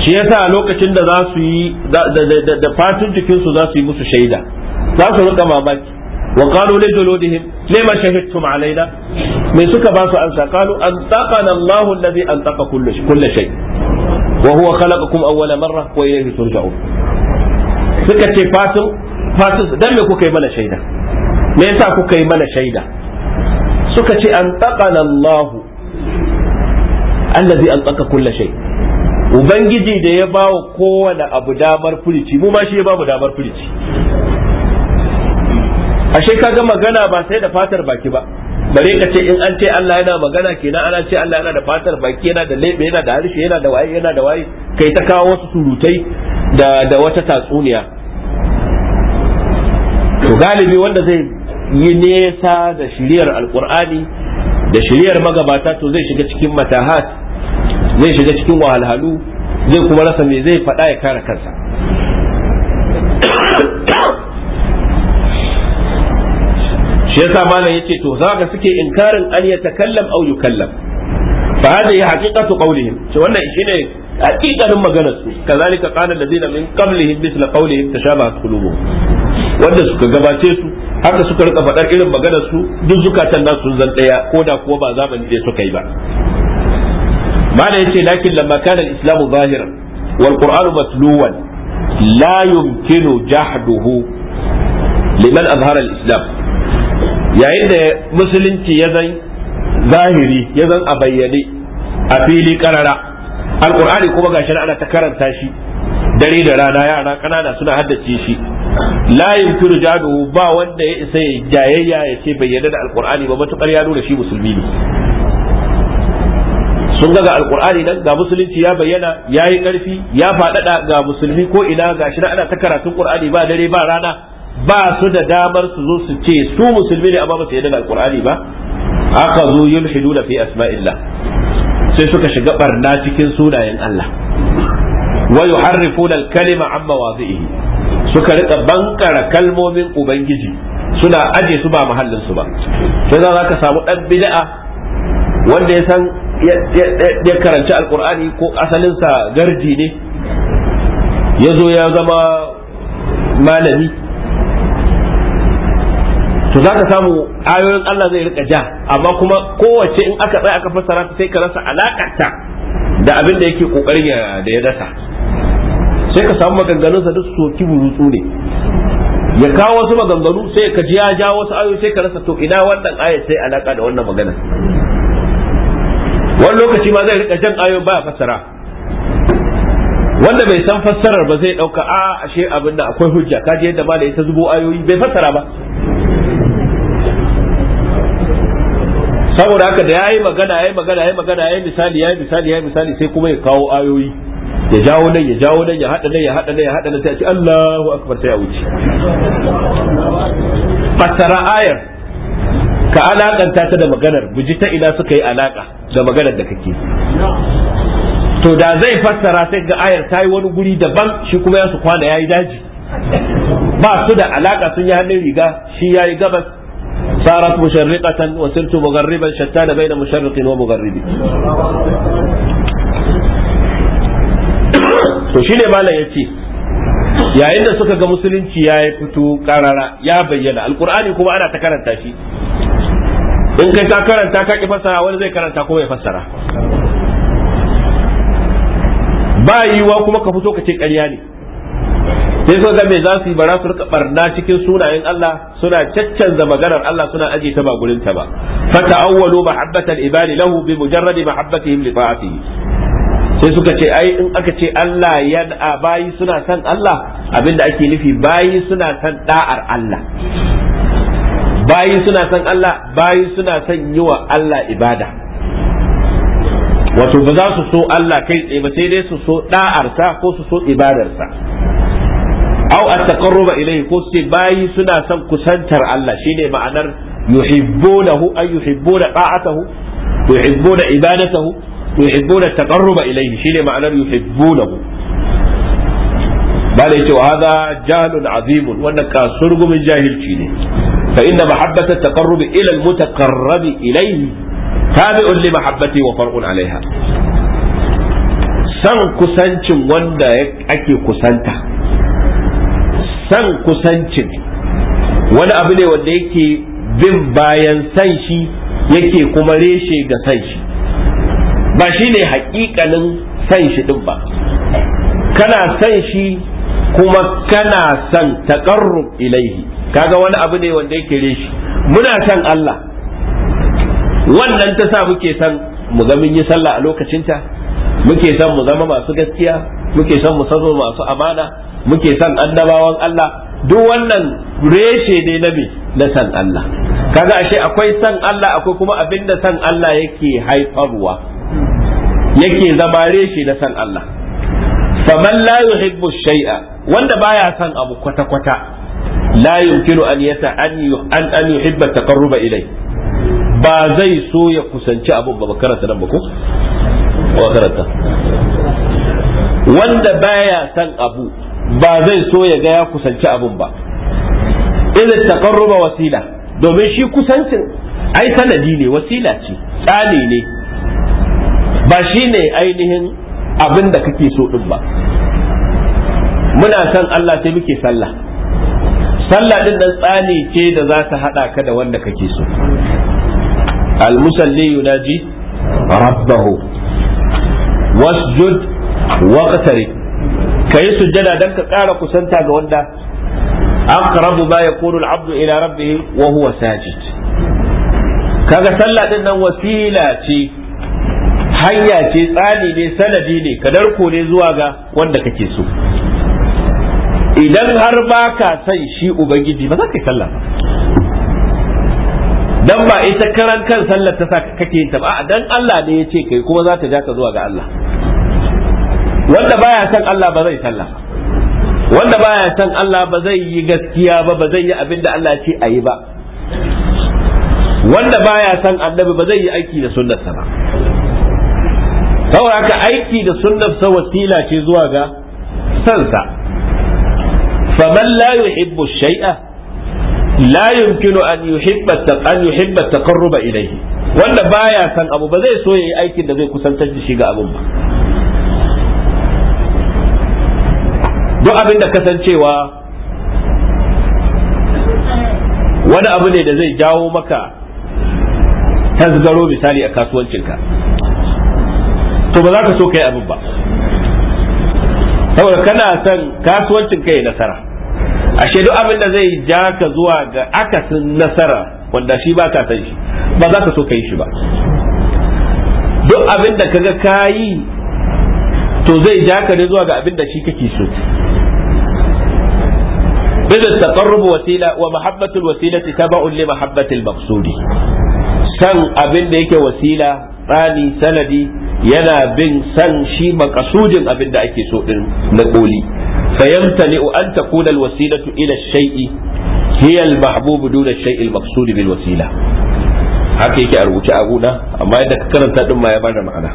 shi yasa lokacin da za su yi da fatun jikinsu za su yi musu shaida za su rika mamaki wa qalu li juludihim lima shahidtum alaina me suka ba su ansa qalu taqana Allahu alladhi antaqa kullu shay wa huwa khalaqakum awwala marra wa ilayhi turja'un suka ce fasu su dan me kuka yi mana shaida me yasa kuka yi mana shaida suka ce an taqana Allahu allazi an tsaka kullu shay ubangiji da ya bawa kowane abu damar furici mu ma shi ya bamu damar furici ashe ka ga magana ba sai da fatar baki ba bare ka ce in an ce Allah yana magana kenan ana ce Allah yana da fatar baki yana da lebe yana da harshe yana da waye yana da waye kai ta kawo wasu surutai da da wata tatsuniya to galibi wanda zai yi nesa da shiriyar alkur'ani da shiriyar magabata to zai shiga cikin matahat zai shiga cikin wahalhalu zai kuma rasa me zai faɗa ya kare kansa shi yasa malam yace to zaka suke inkarin an ya takallam aw yukallam fa hada ya haqiqatu qawlihim to wannan shine haqiqanin maganar su kazalika qala alladhina min qablihim mithla qawlihim tashabahat qulubuhum wanda suka gabace su haka suka rika faɗar irin maganar su duk zukatan nasu sun zan ɗaya ko da kuwa ba zamani ne suka yi ba mana yace lakin lamma kana al-islamu zahiran wal qur'anu matluwan la yumkinu jahduhu liman azhara al-islam yayin da musulunci ya zan zahiri ya zan a bayyane a fili karara alqur'ani kuma gashi ana ta karanta shi dare da rana yara kanana suna haddace shi Layin yumkiru jadu ba wanda ya isa ya jayayya ya ce bai yarda da alqur'ani ba matukar ya nuna shi musulmi ne sun ga alqur'ani nan ga musulunci ya bayyana ya yi karfi ya faɗaɗa ga musulmi ko ina gashi na ana ta karatun qur'ani ba dare ba rana ba su da damar su zo su ce su musulmi ne amma ba su yarda da alqur'ani ba aka zo yulhiduna fi asma'illah sai suka shiga barna cikin sunayen Allah wa yuharrifuna al-kalima suka rika bankara kalmomin ubangiji suna aje su ba mahallin su ba sai za ka samu dan bid'a wanda ya san ya karanci alqur'ani ko asalin sa garji ne zo ya zama malami to za ka samu ayoyin Allah zai rika ja amma kuma kowace in aka tsaya aka fassara ta sai ka rasa alakarta da abin da yake kokarin da ya dasa sai ka samu maganganun sa, duk soki burutsu ne ya kawo wasu maganganu sai ka ji ya ja wasu ayo sai ka rasa to ina wannan aya sai alaka da wannan magana wani lokaci ma zai rika jan ayo ba fassara wanda bai san fassarar ba zai dauka a ashe abin da akwai hujja kaji yadda malai ya ta zubo ayoyi bai fassara ba saboda haka da yayi magana yayi magana yayi magana yayi misali yayi misali yayi misali sai kuma ya kawo ayoyi ya jawo nan ya jawo nan ya hada nan ya hada nan ya hada nan sai ce Allahu akbar sai ya wuce fassara ayar ka alakanta ta da maganar guji ta ina suka yi alaka da maganar da kake to da zai fassara sai ga ayar ta yi wani guri daban shi kuma ya su kwana ya yi daji ba su da alaka sun yi hannun riga shi ya yi gabas sarat musharriqatan wa sirtu mugharriban shattana baina musharriqin wa mugharribi to shine malam yace yayin da suka ga musulunci ya yi fito karara ya bayyana alkur'ani kuma ana ta karanta shi in kai ka karanta ka ki fassara wani zai karanta kuma ya fassara ba yiwa kuma ka fito ka ce ƙarya ne sai so ga me za su yi bara su rika barna cikin sunayen Allah suna caccanza maganar Allah suna aje ta ba gurin ta ba fata'awwalu mahabbatal ibadi lahu bi mujarradi mahabbatihim li ta'atihi sai suka ce ai in aka ce Allah yada bayi suna san Allah abinda ake nufi bayi suna san da'ar Allah bayi suna san Allah bayi suna san yi Allah ibada wato ba za su so Allah kai tsaye ba sai dai su so da'arsa ko su so ibadarsa au at taqarruba ilayhi ko sai bayi suna san kusantar Allah shine ma'anar yuhibbunahu ay yuhibbuna da'atahu yuhibbuna ibadatahu yuhibbuna taqarruba ilayhi shine ma'anar yuhibbunahu bala yace wa hadha jahlun azimun wannan kasurgumin jahilci ne fa inna mahabbata taqarrubi ila al-mutaqarrabi ilayhi tabi'un li mahabbati wa far'un alaiha san kusancin wanda ake kusanta san kusancin wani abu ne wanda yake bin bayan san shi yake kuma reshe ga san shi ba shi ne haƙiƙanin san shi ɗin ba kana san shi kuma kana san taqarrub ilaihi kaga wani abu ne wanda yake reshi muna san Allah wannan ta sa muke san mu ga mun yi sallah a lokacinta muke san mu zama masu gaskiya muke san mu sazo masu amana muke san annabawan Allah duk wannan reshe ne na me na san Allah kaga ashe akwai san Allah akwai kuma abinda san Allah yake haifarwa yake zabare shi da san Allah faman la yuhibbu shay'a wanda baya san abu kwata kwata la yumkinu an yata an an an yuhibba taqarruba ilay ba zai so ya kusanci abun ba karanta nan ba ko ba karanta wanda baya san abu ba zai so ya ga ya kusanci abun ba idza taqarruba wasila domin shi kusancin ai sanadi ne wasila ce tsani ne ba shi ne ainihin abin da kake so ɗin ba muna son Allah sai muke sallah sallah din nan tsani ce da za ta haɗa ka da wanda kake so al-musalli yunaji rabbahu wasjud waqtarib kai sujjada dan ka ƙara kusanta ga wanda aqrabu ma yakunu al-abdu ila rabbih wa huwa sajid kaga sallah ɗin nan wasila ce hanya ce tsani ne sanadi ne ka darko ne zuwa ga wanda kake so idan har ba ka son shi ubangiji ba za ka yi sallah ba dan ba ita karan kan sallar ta saka kake yin ta ba dan Allah ne ya ce kai kuma za ta ja ka zuwa ga Allah wanda baya son Allah ba zai sallah wanda baya son Allah ba zai yi gaskiya ba ba zai yi abin da Allah ce ayi ba wanda baya son annabi ba zai yi aiki da sunnarsa ba saboda haka aiki da sa wasila ce zuwa ga sansa faman la yuhibbu shay'a la yumkinu an yuhibba an yuhibba taqarruba ilayhi wanda baya san abu ba zai so yayi aikin da zai kusantar da shi ga abun ba duk abin da kasancewa wani abu ne da zai jawo maka tasgaro misali a kasuwancinka to ba za ka so ka yi abin ba saboda kana son kasuwancin kai nasara ashe duk abin da zai ja ka zuwa ga akasin nasara wanda shi ba ka san shi ba za ka so ka yi shi ba duk abin da kaga ka yi to zai ja ka ne zuwa ga abin da shi kake so بذ التقرب وسيلة ومحبة الوسيلة تبع لمحبة المقصود san abin da yake wasila tsani sanadi yana bin san shi makasudin abin da ake so din na koli fayamtani an takuna alwasilatu ila shay'i hiya almahbub dun shay'i almaqsud bil wasila haka yake a rubuce a amma yadda ka karanta din ma ya bada ma'ana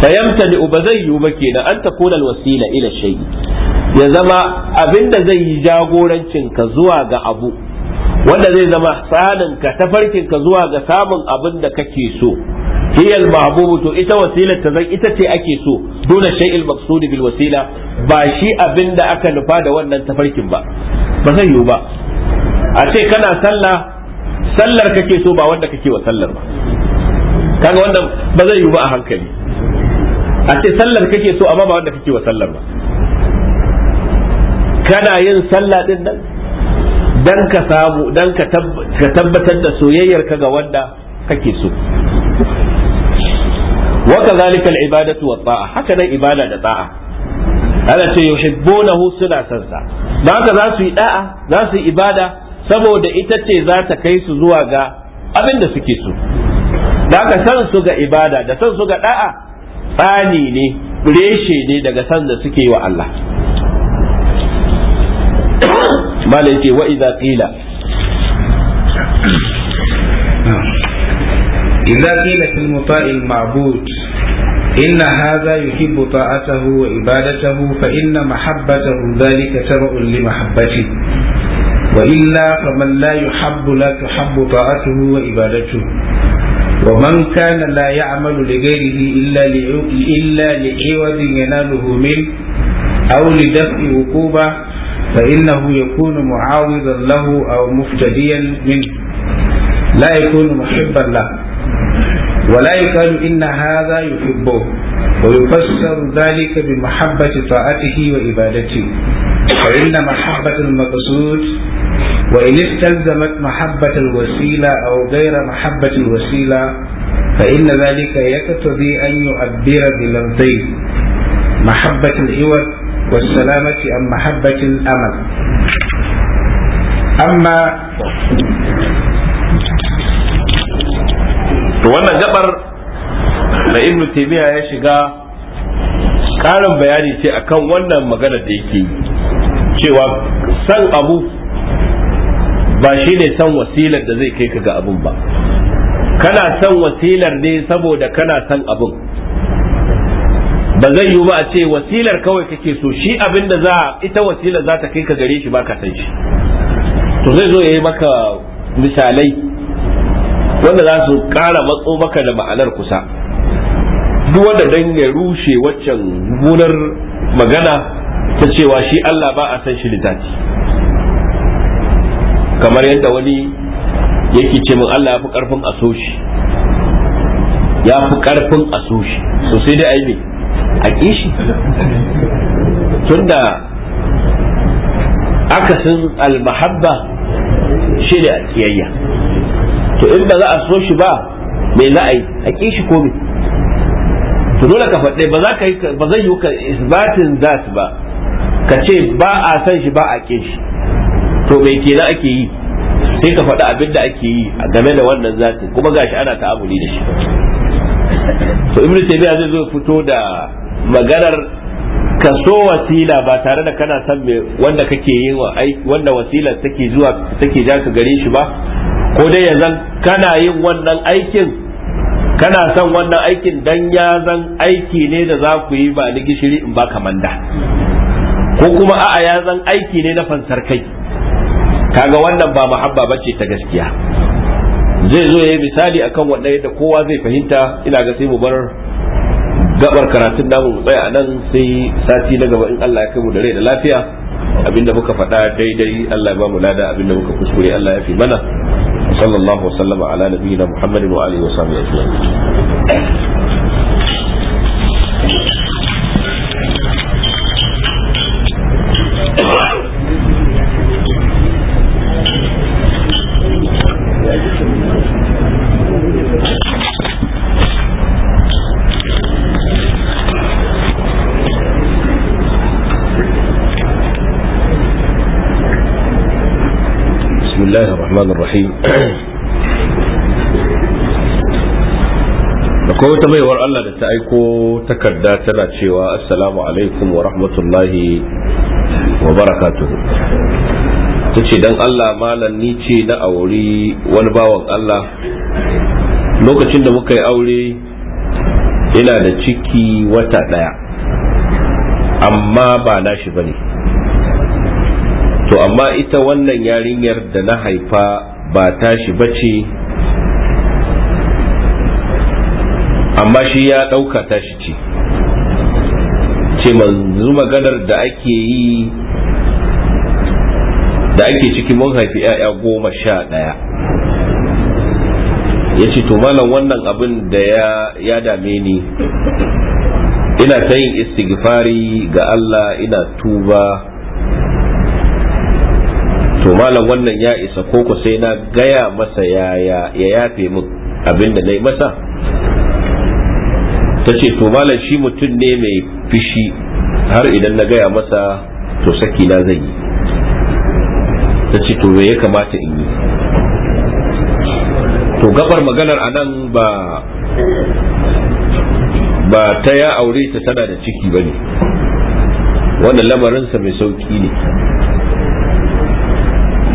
fayamtani ba zai yiwu ba kenan an takuna alwasila ila shay'i ya zama abin da zai yi jagorancin ka zuwa ga abu wanda zai zama tsaninka ka tafarkin zuwa ga samun abin da kake so hiya al-mahbubu to ita wasilar ta zan ita ce ake so dole shay'il maqsudi bil wasila ba shi abin da aka nufa da wannan tafarkin ba ba zai yiwu ba a ce kana sallah sallar kake so ba wanda kake wa sallar ba kaga wanda ba zai yiwu ba a hankali a ce sallar kake so amma ba wanda kake wa sallar ba kana yin sallah din nan dan ka samu dan ka tabbatar da soyayyar ka ga wanda kake so wa kadhalika al-ibadatu wa ta'a haka nan ibada da ta'a ana ce yuhibbunahu suna son sa dan haka za su yi da'a za su yi ibada saboda ita ce za ta kai su zuwa ga abin da suke so da haka san su ga ibada da san su ga da'a tsani ne reshe ne daga san da suke yi wa Allah mala yace wa idza qila idza qila fil muta'il ma'bud inna hadha yuhibbu ta'atahu wa ibadatahu fa inna mahabbatahu dhalika tabu'un li mahabbati wa illa faman la ومن كان لا يعمل لغيره إلا إلا لعوض يناله منه أو لدفع عقوبة فإنه يكون معاوضا له أو مفتديا منه لا يكون محبا له ولا يقال إن هذا يحبه ويفسر ذلك بمحبة طاعته وعبادته فإن محبة المقصود وإن استلزمت محبة الوسيلة أو غير محبة الوسيلة فإن ذلك يقتضي أن يؤبر بلفظين محبة العوض والسلامة عن محبة الأمل أما wannan gabar da ibnu taymiya ya shiga karin bayani ce akan wannan magana da yake cewa san abu ba shi ne san wasilar da zai kai ka ga abun ba kana san wasilar ne saboda kana san abun ba zai yi ba a ce wasilar kawai kake so shi abin da za ita wasilar za ta kai ka gare shi ba ka san shi to zai zo ya yi maka misalai wanda za su kara matso maka da ma'anar kusa duk wanda dan ya rushe waccan gunar magana ta cewa shi Allah ba a san shi litati kamar yadda wani yake ce min Allah ya fi karfin a so ya fi karfin a so shi to sai dai ai a kishi tunda akasin almahabba shi ne a kiyayya to in ba za a so shi ba mai la'ayi a kishi ko to dole ka faɗe ba za ka yi ba zai yi ka isbatin zat ba ka ce ba a san shi ba a kishi. to mai kenan ake yi sai ka faɗi abin da ake yi a game da wannan zatin kuma gashi ana ta'amuli da shi to ibnu taymiya zai zo fito da maganar ka so wasila ba tare da kana san me wanda kake yi wa wanda wasilar take zuwa take ja ka gare shi ba ko dai ya zan kana yin wannan aikin kana son wannan aikin dan ya zan aiki ne da za ku yi ba ni gishiri in ba manda ko kuma a'a ya zan aiki ne na fansar kai kaga wannan ba muhabba bace ta gaskiya zai zo yayi misali akan wanda yadda kowa zai fahimta ina ga sai mu bar gabar karatun namu mu tsaya nan sai sati na gaba in Allah ya kai mu da rai da lafiya abinda muka faɗa daidai Allah ya ba mu lada abinda muka kuskure Allah ya fi mana sallallahu sallam ala nabiyina muhammadin wa alihi wa sahbihi ajma'in الله الرحمن الرحيم akwai wata baiwar Allah da ta aiko takarda tana cewa assalamu alaikum wa rahmatullahi wa barakatuhu ta ce don Allah malam ni ce na auri wani bawan Allah lokacin da muka yi aure ina da ciki wata ɗaya amma ba nashi ba ne to amma ita wannan yarinyar da na haifa ba tashi bace amma shi ya ɗauka tashi ce ce manzu maganar da ake yi da ake ciki mun haifi 'ya'ya goma sha ɗaya ya ce to malam wannan abin da ya dame ni ina ta yin istighfari ga Allah ina tuba to malam wannan ya isa ko ku sai na gaya masa ya yafe min abin da na yi masa ta ce to malam shi mutum ne mai fishi har idan na gaya masa to saki na zai yi ta ce to me ya kamata in yi to gabar maganar anan ba ba ta ya aure ta tana da ciki ba ne wannan lamarinsa mai sauƙi ne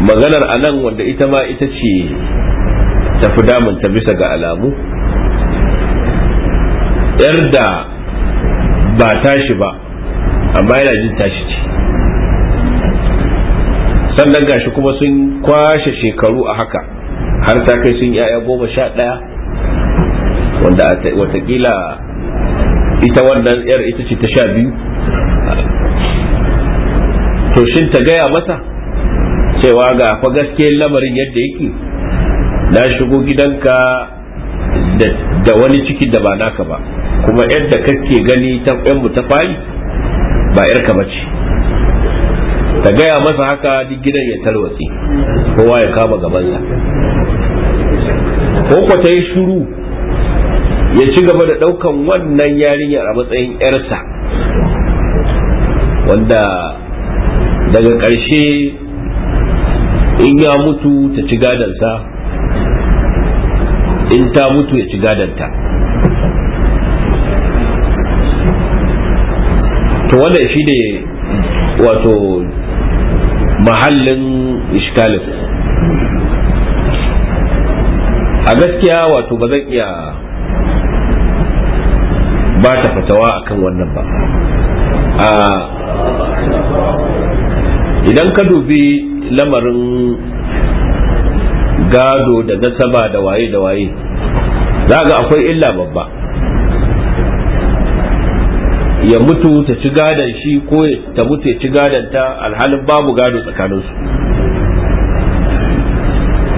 maganar a nan wanda ita ma ita ce tafi damunta bisa ga alamu yar da ba tashi ba amma yana jin tashi ce sannan gashi kuma sun kwashe shekaru a haka har ta kai sun yaya goma sha ɗaya wanda watakila ita wannan yar ita ce ta sha biyu to shin ta gaya mata cewa ga fa gaskiyar lamarin yadda yake na shigo gidanka da wani ciki da ba naka ba kuma yadda kake gani ta mu ta fari ba yarka ba ce ta gaya masa haka duk gidan ya tarwatsi kowa ya kama gabansa ko ko ta yi shuru ya ci gaba da ɗaukan wannan yarinyar a matsayin yarsa wanda daga ƙarshe in ya mutu ta ci gadansa in ta mutu ya ci gadanta to wanda shi ne wato mahallin iskalin a gaskiya wato ba zan iya ba ta fatawa akan wannan ba idan ka dubi lamarin gado da nasaba da waye da waye za ga akwai illa babba ya mutu ta ci gadon shi ko ta mutu ya ci gadon ta alhalin babu gado tsakaninsu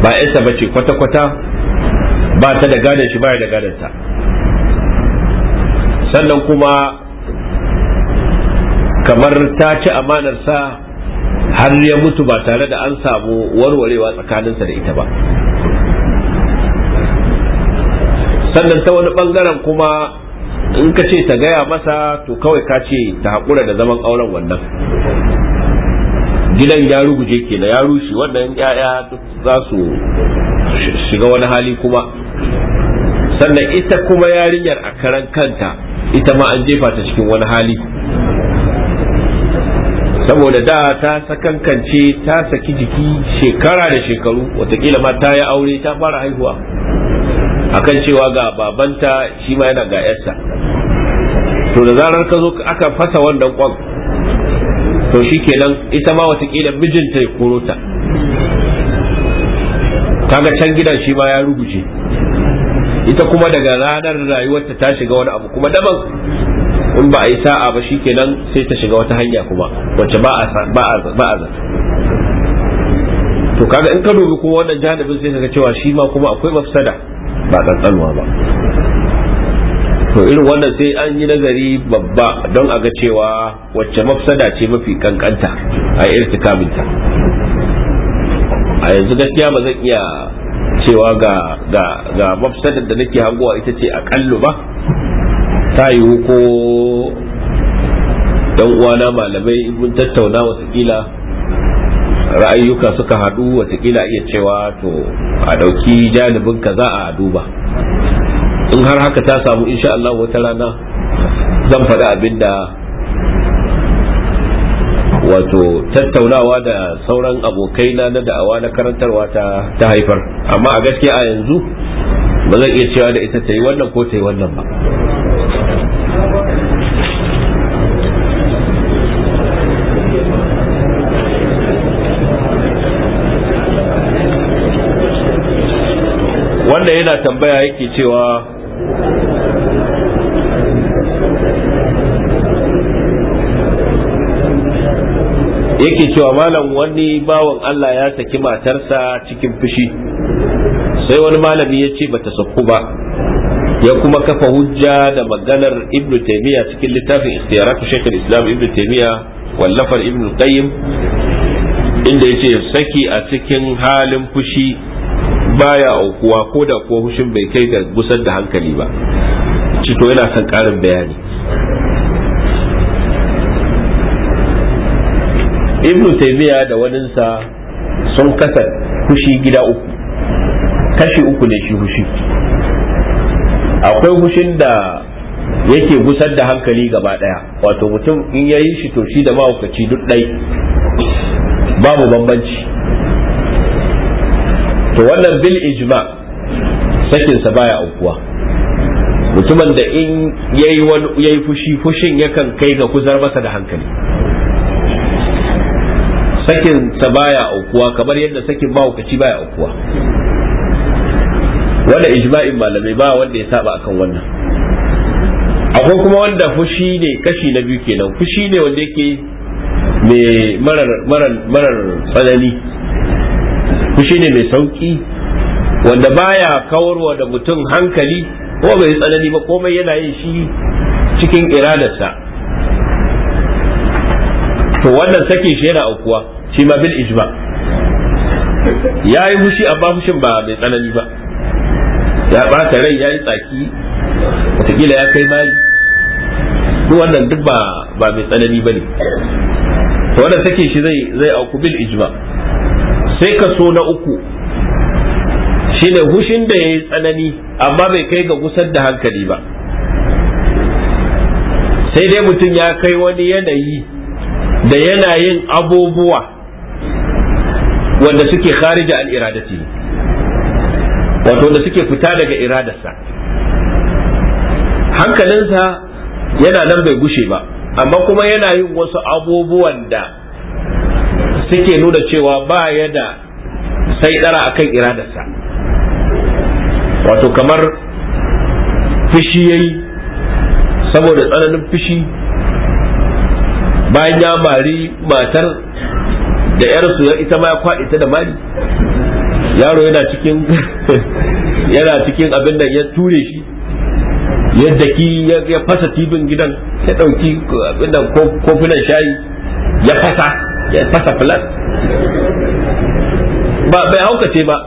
ba yasa bace kwata-kwata ba ta da gadon shi ba ya da gadon ta sannan kuma kamar ta ci amanar sa. har ya mutu ba tare da an samu warwarewa tsakaninsa da ita ba sannan ta wani bangaren kuma in ka ce ta gaya masa to kawai ka ce ta haƙura da zaman auren wannan gidan ya ruguje ke ya rushe wannan ya'ya duk za su shiga wani hali kuma sannan ita kuma yarinyar a karan kanta ita ma an jefa ta cikin wani hali saboda da ta sakankance ta saki jiki shekara da shekaru watakila ma ta yi aure ta fara haihuwa akan cewa ga babanta shi ma yana ga yarsa to da zarar ka zo aka fasa wannan kwan to shi kenan ita ma watakila mijinta ya koro ta kaga can gidan shi ma ya rubuce ita kuma daga ranar rayuwarta ta shiga wani abu kuma daban in ba a yi sa'a ba shikenan sai ta shiga wata hanya kuma wacce ba a zata? to kaga in ka dubi kuma wannan janibin sai kaga cewa shi ma kuma akwai mafsada ba ƙanƙanwa ba to irin wannan sai an yi nazari babba don a ga cewa wacce mafsada ce mafi kankanta a irtikaminta a yanzu gaskiya ba zan iya cewa ga ga mafsadar da nake hangowa ita ce akallu ba ta yiwu ko dan uwana malamai mun tattauna watakila ra'ayyuka suka haɗu watakila iya cewa to a ɗauki janibin ka za a duba in har haka ta samu insha Allah wata rana zan faɗi abin da wato tattaunawa da sauran abokaina na da'awa na karantarwa ta ta haifar amma a gaskiya a yanzu ba zan iya cewa da ita ta yi wannan ko ta yi wannan ba yana tambaya yake cewa yake cewa malam wani bawan Allah ya saki matarsa cikin fushi sai wani malami ya ce bata sauku ba ya kuma kafa hujja da maganar ibn taymiya cikin littafin istiyaratu shekul islam ibn taymiya wallafar ibn qayyim inda ya saki a cikin halin fushi baya aukuwa ko da kuwa hushin bai kai ga gusar da hankali ba cito yana son ƙarin bayani ibn taymiya da waninsa sun kasa hushi gida uku kashi uku ne shi hushi akwai hushin da yake gusar da hankali gaba daya wato mutum in yayi shi to shi da mahaukaci duk ɗai babu bambanci to wannan bil ijma sakinsa baya aukuwa mutumin da in yayi fushi fushin yakan kai ga kuzar masa da hankali sakinsa baya aukuwa kamar yadda sakin mahaukaci baya aukuwa wanda ijma'in malamai ba wanda ya saba akan wannan akwai kuma wanda fushi ne kashi na biyu kenan fushi ne wanda yake mai marar tsanani fushi ne mai sauki wanda baya kawarwa da mutum hankali ko bai tsanani ba komai yana yin shi cikin iradarsa to wannan sakin shi yana aukuwa shi ma bil ijma ya yi fushi amma fushin ba mai tsanani ba ya ɓata rai ya yi tsaki gila ya kai mali duk wannan duk ba mai tsanani ba ne to wannan sakin shi zai auku bil ijma' sai kaso na uku shine hushin da ya yi tsanani amma bai kai ga gusar da hankali ba sai dai mutum ya kai wani yanayi da yana yin abubuwa wanda suke kharija al'iradati wato wanda suke fita daga iradarsa hankalinsa yana nan bai gushe ba amma kuma yana yin wasu abubuwan da suke nuna cewa ba ya da sai dara akan iradarsa wato kamar fishi yayi saboda tsananin fishi bayan ya mari matar da yarsu ya ita ma ya kwaɗe ta da mari yaro yana cikin yana cikin abin da ya ture shi yadda ki ya fasa tibin gidan ya ɗauki abin da kofunan shayi ya fasa ya fasa filan ba bai haukace ba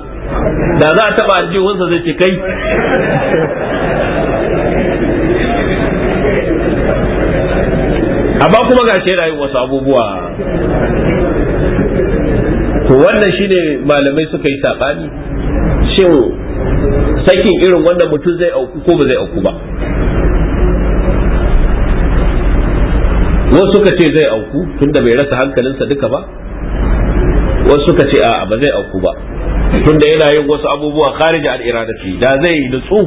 da za a taba aljihunsa zai ce kai amma kuma ga shi rayu wasu abubuwa to wannan shine malamai suka yi saɓani shin sakin irin wannan mutum zai auku ko ba zai auku ba wasu suka ce zai auku tunda bai rasa hankalinsa duka ba wasu suka ce a'a ba zai auku ba tunda yana yin wasu abubuwa kharija al iradati da zai nutsu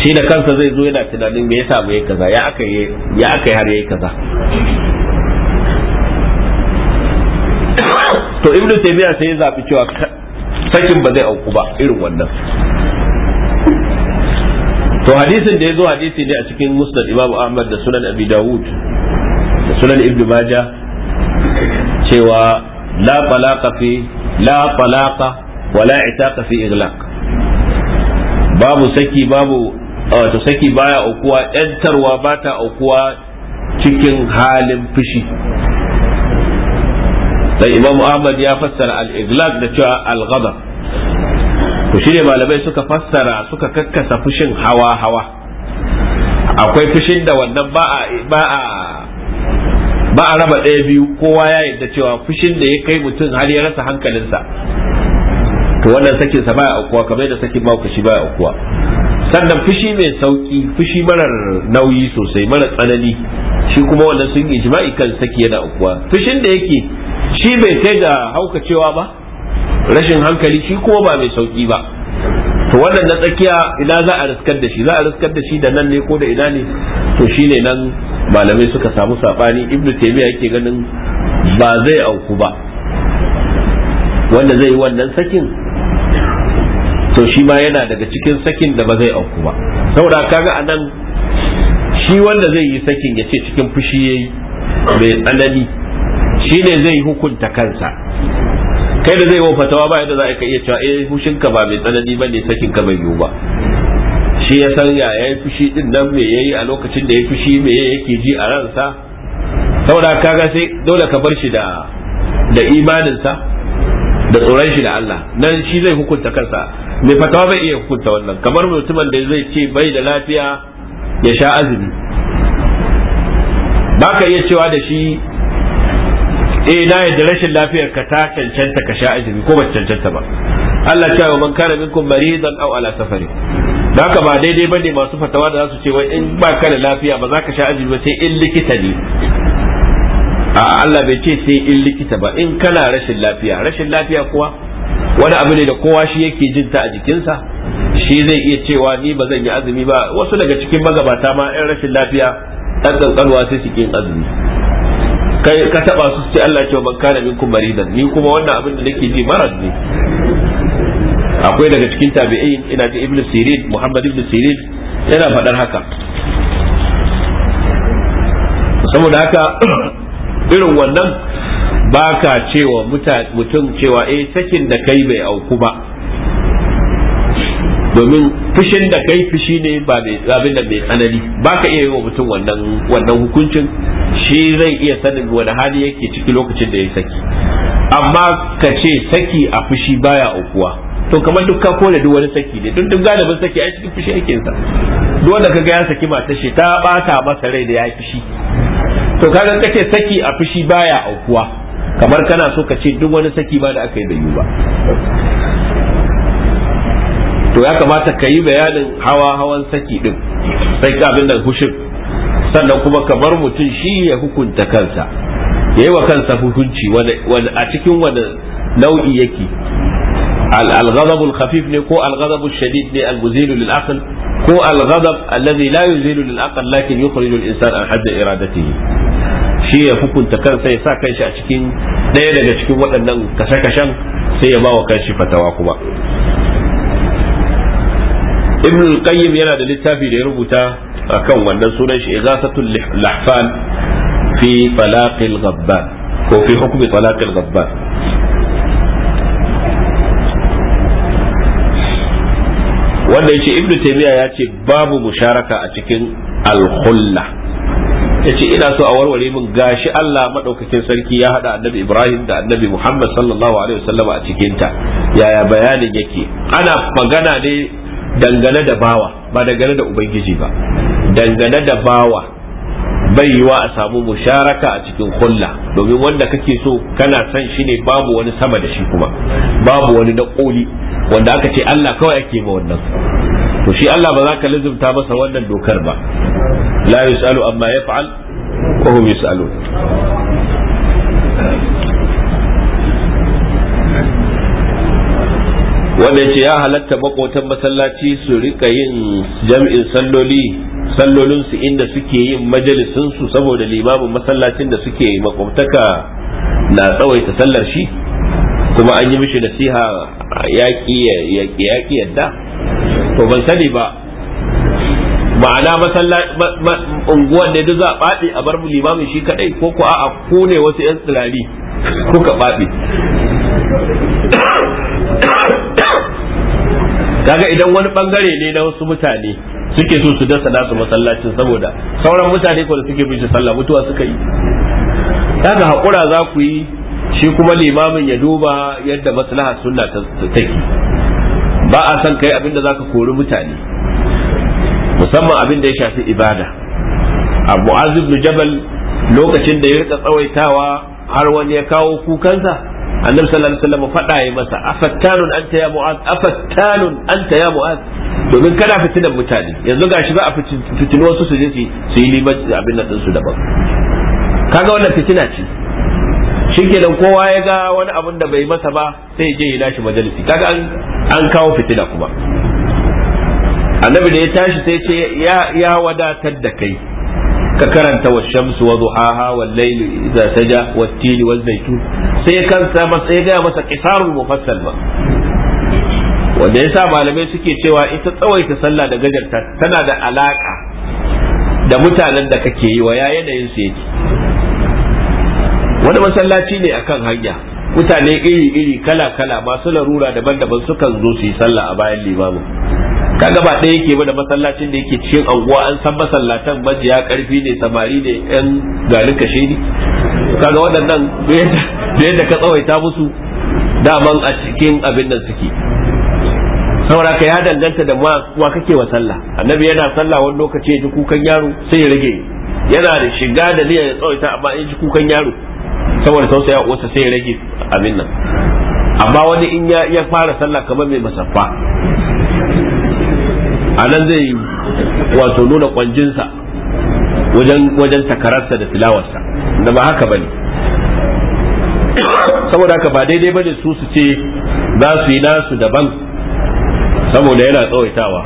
shi da kansa zai zo yana tunanin me yasa bai kaza ya aka yi ya aka yi har yayi kaza to ibnu taymiya sai ya zabi cewa sakin ba zai auku ba irin wannan to hadisin da ya zo hadisi ne a cikin musnad imamu ahmad da sunan abi dawud sunan ibn Majah cewa la talaqa fi la talaqa wala itaqa fi iglaq babu saki babu wato saki baya aukuwa yantarwa ba ta aukuwa cikin halin fushi Sai imamu ahmad ya fassara al-iglaq da cewa al-ghadab to shine malamai suka fassara suka kakkasa fushin hawa hawa akwai fushin da wannan ba ba a ba a raba ɗaya biyu kowa ya yadda cewa fushin da ya kai mutum har ya rasa hankalinsa to wannan sakin sa baya aukuwa kamar da sakin kashi baya aukuwa sannan fushi mai sauki fushi marar nauyi sosai mara tsanani shi kuma wannan sun yi jima'i kan saki yana aukuwa fushin da yake shi bai kai ga haukacewa ba rashin hankali shi kuma ba mai sauki ba to wannan na tsakiya ina za a riskar da shi za a riskar da shi da nan ne ko da ina ne to shine nan malamai suka samu sabani ibnu taymiya yake ganin ba zai auku ba wanda zai yi wannan sakin to shi ma yana daga cikin sakin da ba zai auku ba saboda kaga anan shi wanda zai yi sakin ya ce cikin fushi yayi mai tsanani shine zai hukunta kansa kai da zai wa fatawa ba yadda za a iya cewa eh fushinka ba mai tsanani ba ne sakin ka bai yiwu ba shi ya san ya yi fushi din nan me yayi a lokacin da ya fushi me yake ji a ransa saboda kaga sai dole ka bar shi da da imaninsa da tsoron shi da Allah nan shi zai hukunta kansa mai fatawa bai iya hukunta wannan kamar mutumin da zai ce bai da lafiya ya sha azumi baka iya cewa da shi eh na yadda rashin lafiyar ka ta cancanta ka sha azumi ko ba cancanta ba Allah ya wa man kana minkum maridan aw ala safari haka ba daidai bane masu fatawa da zasu ce wai in ba ka da lafiya ba za ka sha azumi ba sai in likita ne a Allah bai ce sai in likita ba in kana rashin lafiya rashin lafiya kuwa wani abu ne da kowa shi yake jin ta a jikinsa shi zai iya cewa ni ba zan yi azumi ba wasu daga cikin magabata ma yan rashin lafiya ɗan ƙanƙanwa sai su ƙin azumi kai ka taba su sai Allah ce man kana minkum maridan ni kuma wannan abin da nake ji marad ne akwai daga cikin tabi'in ina ji ibnu sirin muhammad ibnu sirin yana faɗar haka saboda haka irin wannan baka cewa mutum cewa eh sakin da kai bai auku ba domin fushin da kai fushi ne ba mai abin da mai tsanani baka iya yi wa mutum wannan hukuncin shi zai iya sanin wani hali yake ciki lokacin da ya saki amma ka ce saki a fushi baya aukuwa to kamar duk ka kore duk wani saki ne duk duk galibin saki a cikin fushi yake sa dole wanda ga ya saki matar shi ta bata masa rai da ya fushi to kaga ce saki a fushi baya aukuwa kamar kana so ka ce duk wani saki ba da aka yi da ba to ya kamata ka yi bayanin hawa hawan saki din sai ka abin da hushin sannan kuma ka bar mutum shi ya hukunta kansa yayi wa kansa hukunci a cikin wani nau'i yake الغضب الخفيف كو الغضب الشديد المزيل للعقل كو الغضب الذي لا يزيل للعقل لكن يخرج الانسان عن حد ارادته shi ya hukunta kansa ya sa kanshi a cikin ɗaya daga cikin waɗannan kashe-kashen sai ya ba wa kanshi fatawa kuma ibn qayyim yana da littafi da ya rubuta akan wannan sunan shi igasatul lahfan fi talaqil ghabban ko fi hukmi talaqil ghabban wanda yace ibn taymiya ya ce babu musharaka a cikin al-khulla yace ina so a warware min gashi Allah madaukakin sarki ya hada annabi Ibrahim da annabi Muhammad sallallahu alaihi wasallam a cikin ta yaya bayanin yake ana magana ne dangane da bawa ba dangane da ubangiji ba dangane da bawa bai yiwa a samu musharaka a cikin kulla domin wanda kake so kana son shi ne babu wani sama da shi kuma babu wani na koli wanda aka ce Allah kawai ake ma wannan to shi Allah ba za ka lazumta masa wannan dokar ba la yusalu amma yaf'al wa hum yusalun wanda ya ce ya halatta makotan masallaci su rika yin jam'in salloli su inda suke yin majalisinsu saboda limamin masallacin da suke makwabtaka na tsawaita sallar shi kuma an yi mishi nasiha yaƙi yadda to ban sani ba ma'ana unguwan da duk za a baɗi a bar limamin shi kaɗai ko ku a ku ne wasu 'yan tsirari kuka baɗi. kaga idan wani bangare ne na wasu mutane suke so su dasa nasu masallacin saboda sauran mutane ko da suke bin sallah mutuwa suka yi kaga hakura za ku yi shi kuma limamin ya duba yadda maslaha sunna ta take ba a san kai abinda zaka kori mutane musamman abin ya shafi ibada a azib ibn jabal lokacin da ya rika tsawaitawa har wani ya kawo kukansa annabi sallallahu alaihi wasallam faɗa ya masa afattanun anta ya mu'az afattanun anta ya mu'az domin kana fitinan mutane yanzu gashi za a fitino wasu su je su yi liman abin nan su daban kaga wannan fitina ce shikenan kowa ya ga wani abin da bai masa ba sai je ya lashi majalisi kaga an an kawo fitina kuma annabi da ya tashi sai ce ya wadatar da kai ka karanta wa shamsu wa duhaha wa layli idza ja wa Tili wa zaitun sai kansa ba sai ga masa qisarul mufassal ba wanda yasa malamai suke cewa ita tsawaita sallah da gajarta tana da alaka da mutanen da kake yi wa ya yanayin su yake wani masallaci ne akan hanya mutane iri-iri kala-kala masu larura daban-daban sukan zo su yi sallah a bayan limamin kaga ba ɗaya yake ba da masallacin da yake cikin anguwa an san masallatan majiya karfi ne samari ne yan garin kashe ne kaga waɗannan da yadda ka tsawaita musu daman a cikin abin nan suke saboda ka ya danganta da wa kake wa sallah annabi yana sallah wani lokaci ya ji kukan yaro sai ya rage yana da shiga da niyyar ya tsawaita amma in ji kukan yaro saboda tausaya wasa sai ya rage abin nan amma wani in ya fara sallah kamar mai masaffa a nan zai wato nuna kwanjinsa wajen takararsa da tilawarsa da ba haka bane saboda haka ba daidai bane su su ce za su yi nasu daban saboda yana tsawaitawa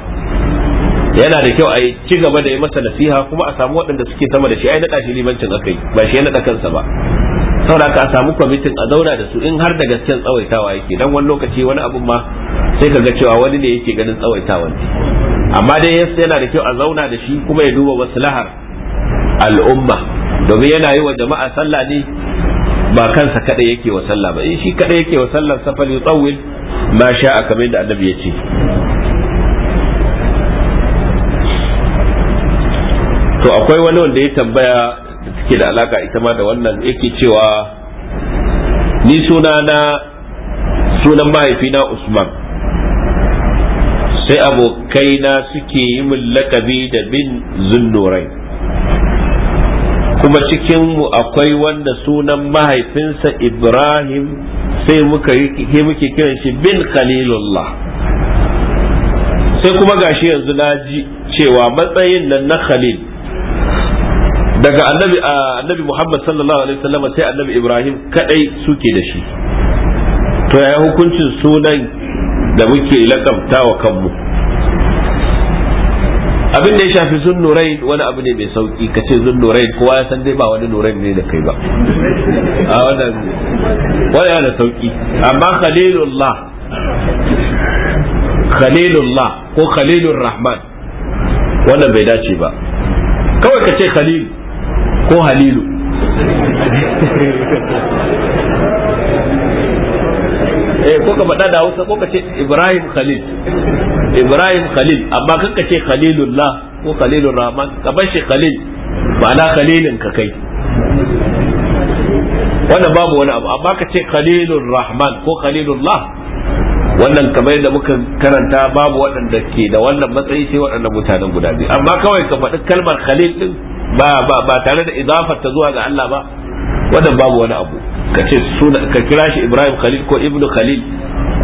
yana da kyau a yi ci gaba da yi masa nasiha kuma a samu waɗanda suke sama da shi ai naɗa shi limancin akai ba shi ya naɗa kansa ba saboda a samu kwamitin a zauna da su in har da gaske tsawaitawa yake dan wani lokaci wani abun ma sai ka ga cewa wani ne yake ganin tsawaitawa ne amma dai yana da kyau a zauna da shi kuma ya duba maslahar al'umma domin yana yi wa jama'a sallah ne ba kansa kada yake wa sallah ba eh, shi kada yake wa sallah safal yutawil ma sha'a kamar da annabi ya ce to akwai wani wanda ya tambaya da take da alaka ita ma da wannan yake cewa ni sunana sunan mahaifina Usman sai abokaina suke yi min lakabi da bin zunnurai kuma cikinmu akwai wanda sunan mahaifinsa ibrahim sai muka muke kiran shi bin khalilullah sai kuma gashi yanzu na ji cewa matsayin nan na khalil daga annabi annabi Muhammad sallallahu alaihi wasallam sai annabi Ibrahim kadai suke da shi to yaya hukuncin sunan da muke lakabta wa kanmu abin da ya shafi zun nurai wani abu ne mai sauki ka ce zun nurai kowa ya san dai ba wani nurai ne da kai ba a wannan wani yana sauki amma khalilullah khalilullah ko khalilur rahman wannan bai dace ba kawai ka ce khalil ko halilu eh ko ka faɗa da Hausa ko ka ce Ibrahim Khalil Ibrahim Khalil amma kan ka ce Khalilullah ko Khalilur Rahman ka bar shi Khalil na Khalilin ka kai wannan babu wani abu amma ka ce Khalilur Rahman ko Khalilullah wannan kamar yadda muka karanta babu waɗanda ke da wannan matsayi sai waɗannan mutanen guda biyu amma kawai ka faɗi kalmar Khalil din ba ba ba tare da idafar ta zuwa ga Allah ba wannan babu wani abu ka ce suna ka kira shi Ibrahim Khalil ko Ibnu Khalil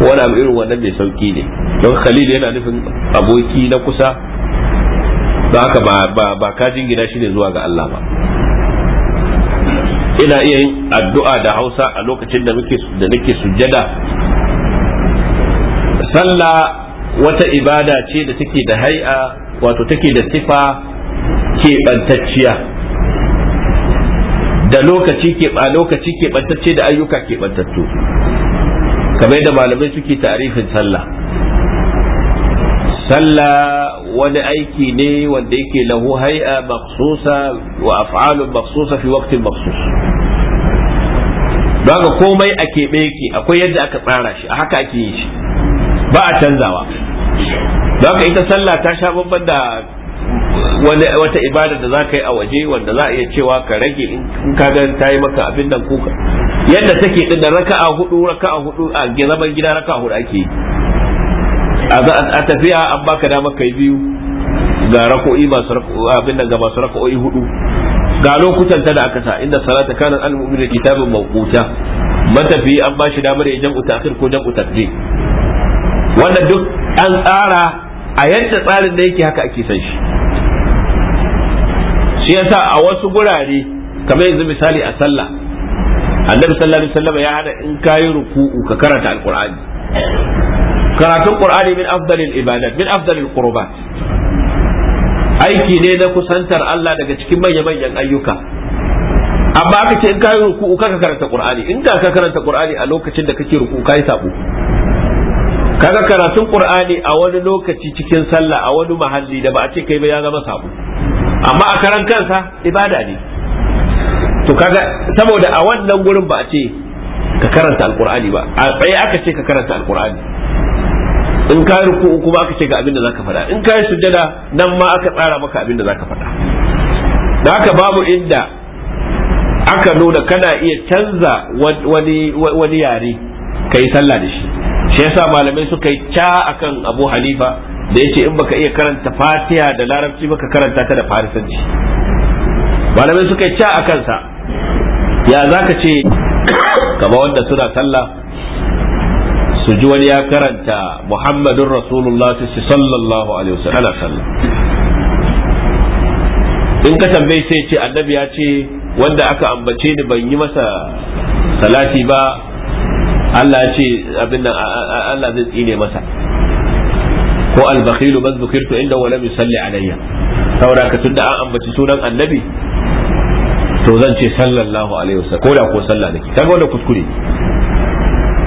ko wani abu irin wannan mai sauki ne don Khalil yana nufin aboki na kusa don haka ba ba ka jingina shi ne zuwa ga Allah ba ina iya yin addu'a da Hausa a lokacin da muke da nake sujjada sallah wata ibada ce da take da hai'a wato take da sifa ke keɓantacciya da lokaci ke ba lokaci ke da ayyuka ke kamar da malamai suke tarifin sallah sallah wani aiki ne wanda yake lahu hai'a maksusa wa af'alun maksusa fi waqtin maksus daga komai a keɓe yake akwai yadda aka tsara shi a haka ake yi shi ba a canzawa daga ita sallah ta sha babban da wata ibada da za ka yi a waje wanda za a iya cewa ka rage in ka ga ta yi maka abin nan kuka yadda take din da raka'a hudu raka'a hudu a zaman gida raka'a hudu ake a tafiya an baka dama kai biyu ga rako'i masu abin nan ga masu rako'i hudu ga lokutan ta da aka sa inda salata kanan al da kitabun mawquta matafi an ba shi damar ya jam'u ta'khir ko jam'u taqdim wannan duk an tsara a yadda tsarin da yake haka ake san shi shi yasa a wasu gurare kamar yanzu misali a sallah annabi sallallahu alaihi wasallam ya hada in kayi ruku'u ka karanta alqur'ani karatun qur'ani min afdalil ibadat min afdalil qurbat aiki ne na kusantar Allah daga cikin manya-manyan ayyuka amma aka ce in kayi ruku'u ka karanta qur'ani in da ka karanta qur'ani a lokacin da kake ruku'u kai sabo kaga karatun qur'ani a wani lokaci cikin sallah a wani mahalli da ba a ce kai ba ya zama sabo amma a karan kansa ibada ne to kaga saboda a wannan gurin ba a ce ka karanta alqur'ani ba a tsaye aka ce ka karanta alqur'ani in ka ruku kuma aka ce ga abin da zaka faɗa in ka yi sujjada nan ma aka tsara maka abin da zaka faɗa da haka babu inda aka nuna kana iya canza wani wani yare kai sallah da shi shi yasa malamai suka yi ca akan Abu Hanifa da yace in baka iya karanta fatiha da larabci baka karanta ta da farisanci malamai suka yi ca a kansa ya zaka ce kama wanda suna sallah su ji wani ya karanta muhammadun rasulullah sallallahu alaihi ana sallah in ka tambaye sai ce annabi ya ce wanda aka ambace ni ban yi masa salati ba Allah ya ce abin nan Allah zai tsine masa ko albakhilu man zukirtu inda wa lam yusalli alayya saboda ka tunda an ambaci sunan annabi to zan ce sallallahu alaihi wasallam ko da ko sallah nake kaga wannan kuskure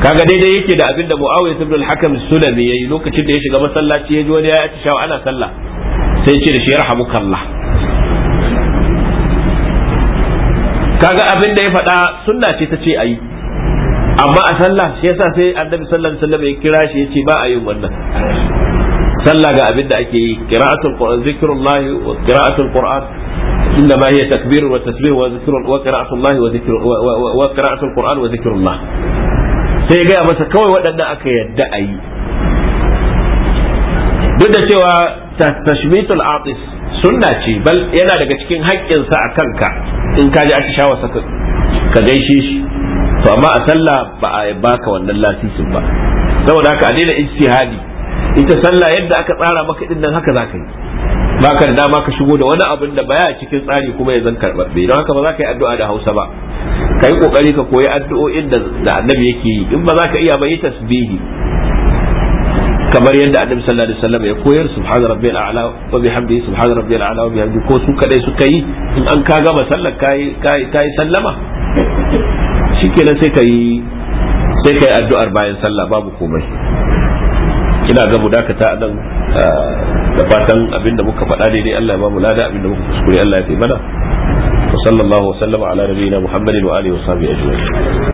kaga daidai yake da abinda Muawiya ibn al-Hakam Sulami yayi lokacin da ya shiga masallaci yaji wani ya ci shawa ana sallah sai ya ce da shi yarhamukallah kaga abin da ya faɗa sunna ce ta ce ayi amma a sallah shi yasa sai annabi sallallahu alaihi wasallam ya kira shi ya yace ba a yin wannan sallah ga abin da ake yi qira'atul qur'an zikrullah wa qira'atul qur'an inna ma hiya takbir wa tasbih wa zikr wa qira'atullah wa zikr wa qira'atul qur'an wa zikrullah sai ga masa kawai waɗannan aka yadda ayi duk da cewa tashmitul atis sunna ce bal yana daga cikin sa a kanka in ka ji atishawa saka ka gaishe shi to amma a sallah ba a baka wannan lasisin ba saboda haka a daina ijtihadi ita sallah yadda aka tsara maka din nan haka zaka yi ba ka dama ka shigo da wani abin da baya cikin tsari kuma ya zan karɓaɓɓe don haka ba za ka yi addu'a da Hausa ba ka yi kokari ka koyi addu'o'in da annabi yake yi in ba za ka iya ba yi tasbihi kamar yadda annabi sallallahu alaihi wasallam ya koyar subhana rabbiyal a'la wa bihamdihi subhana rabbiyal a'la wa bihamdihi ko su kadai suka yi in an ka gama sallar kai kai sallama shikenan sai ka yi sai ka yi addu'ar bayan sallah babu komai ina ga mu dakata a nan da fatan abinda muka faɗa daidai Allah ya ba lada abinda muka kuskure Allah ya taimana wa sallallahu wa sallama ala nabiyina Muhammadin wa alihi wa sahbihi ajma'in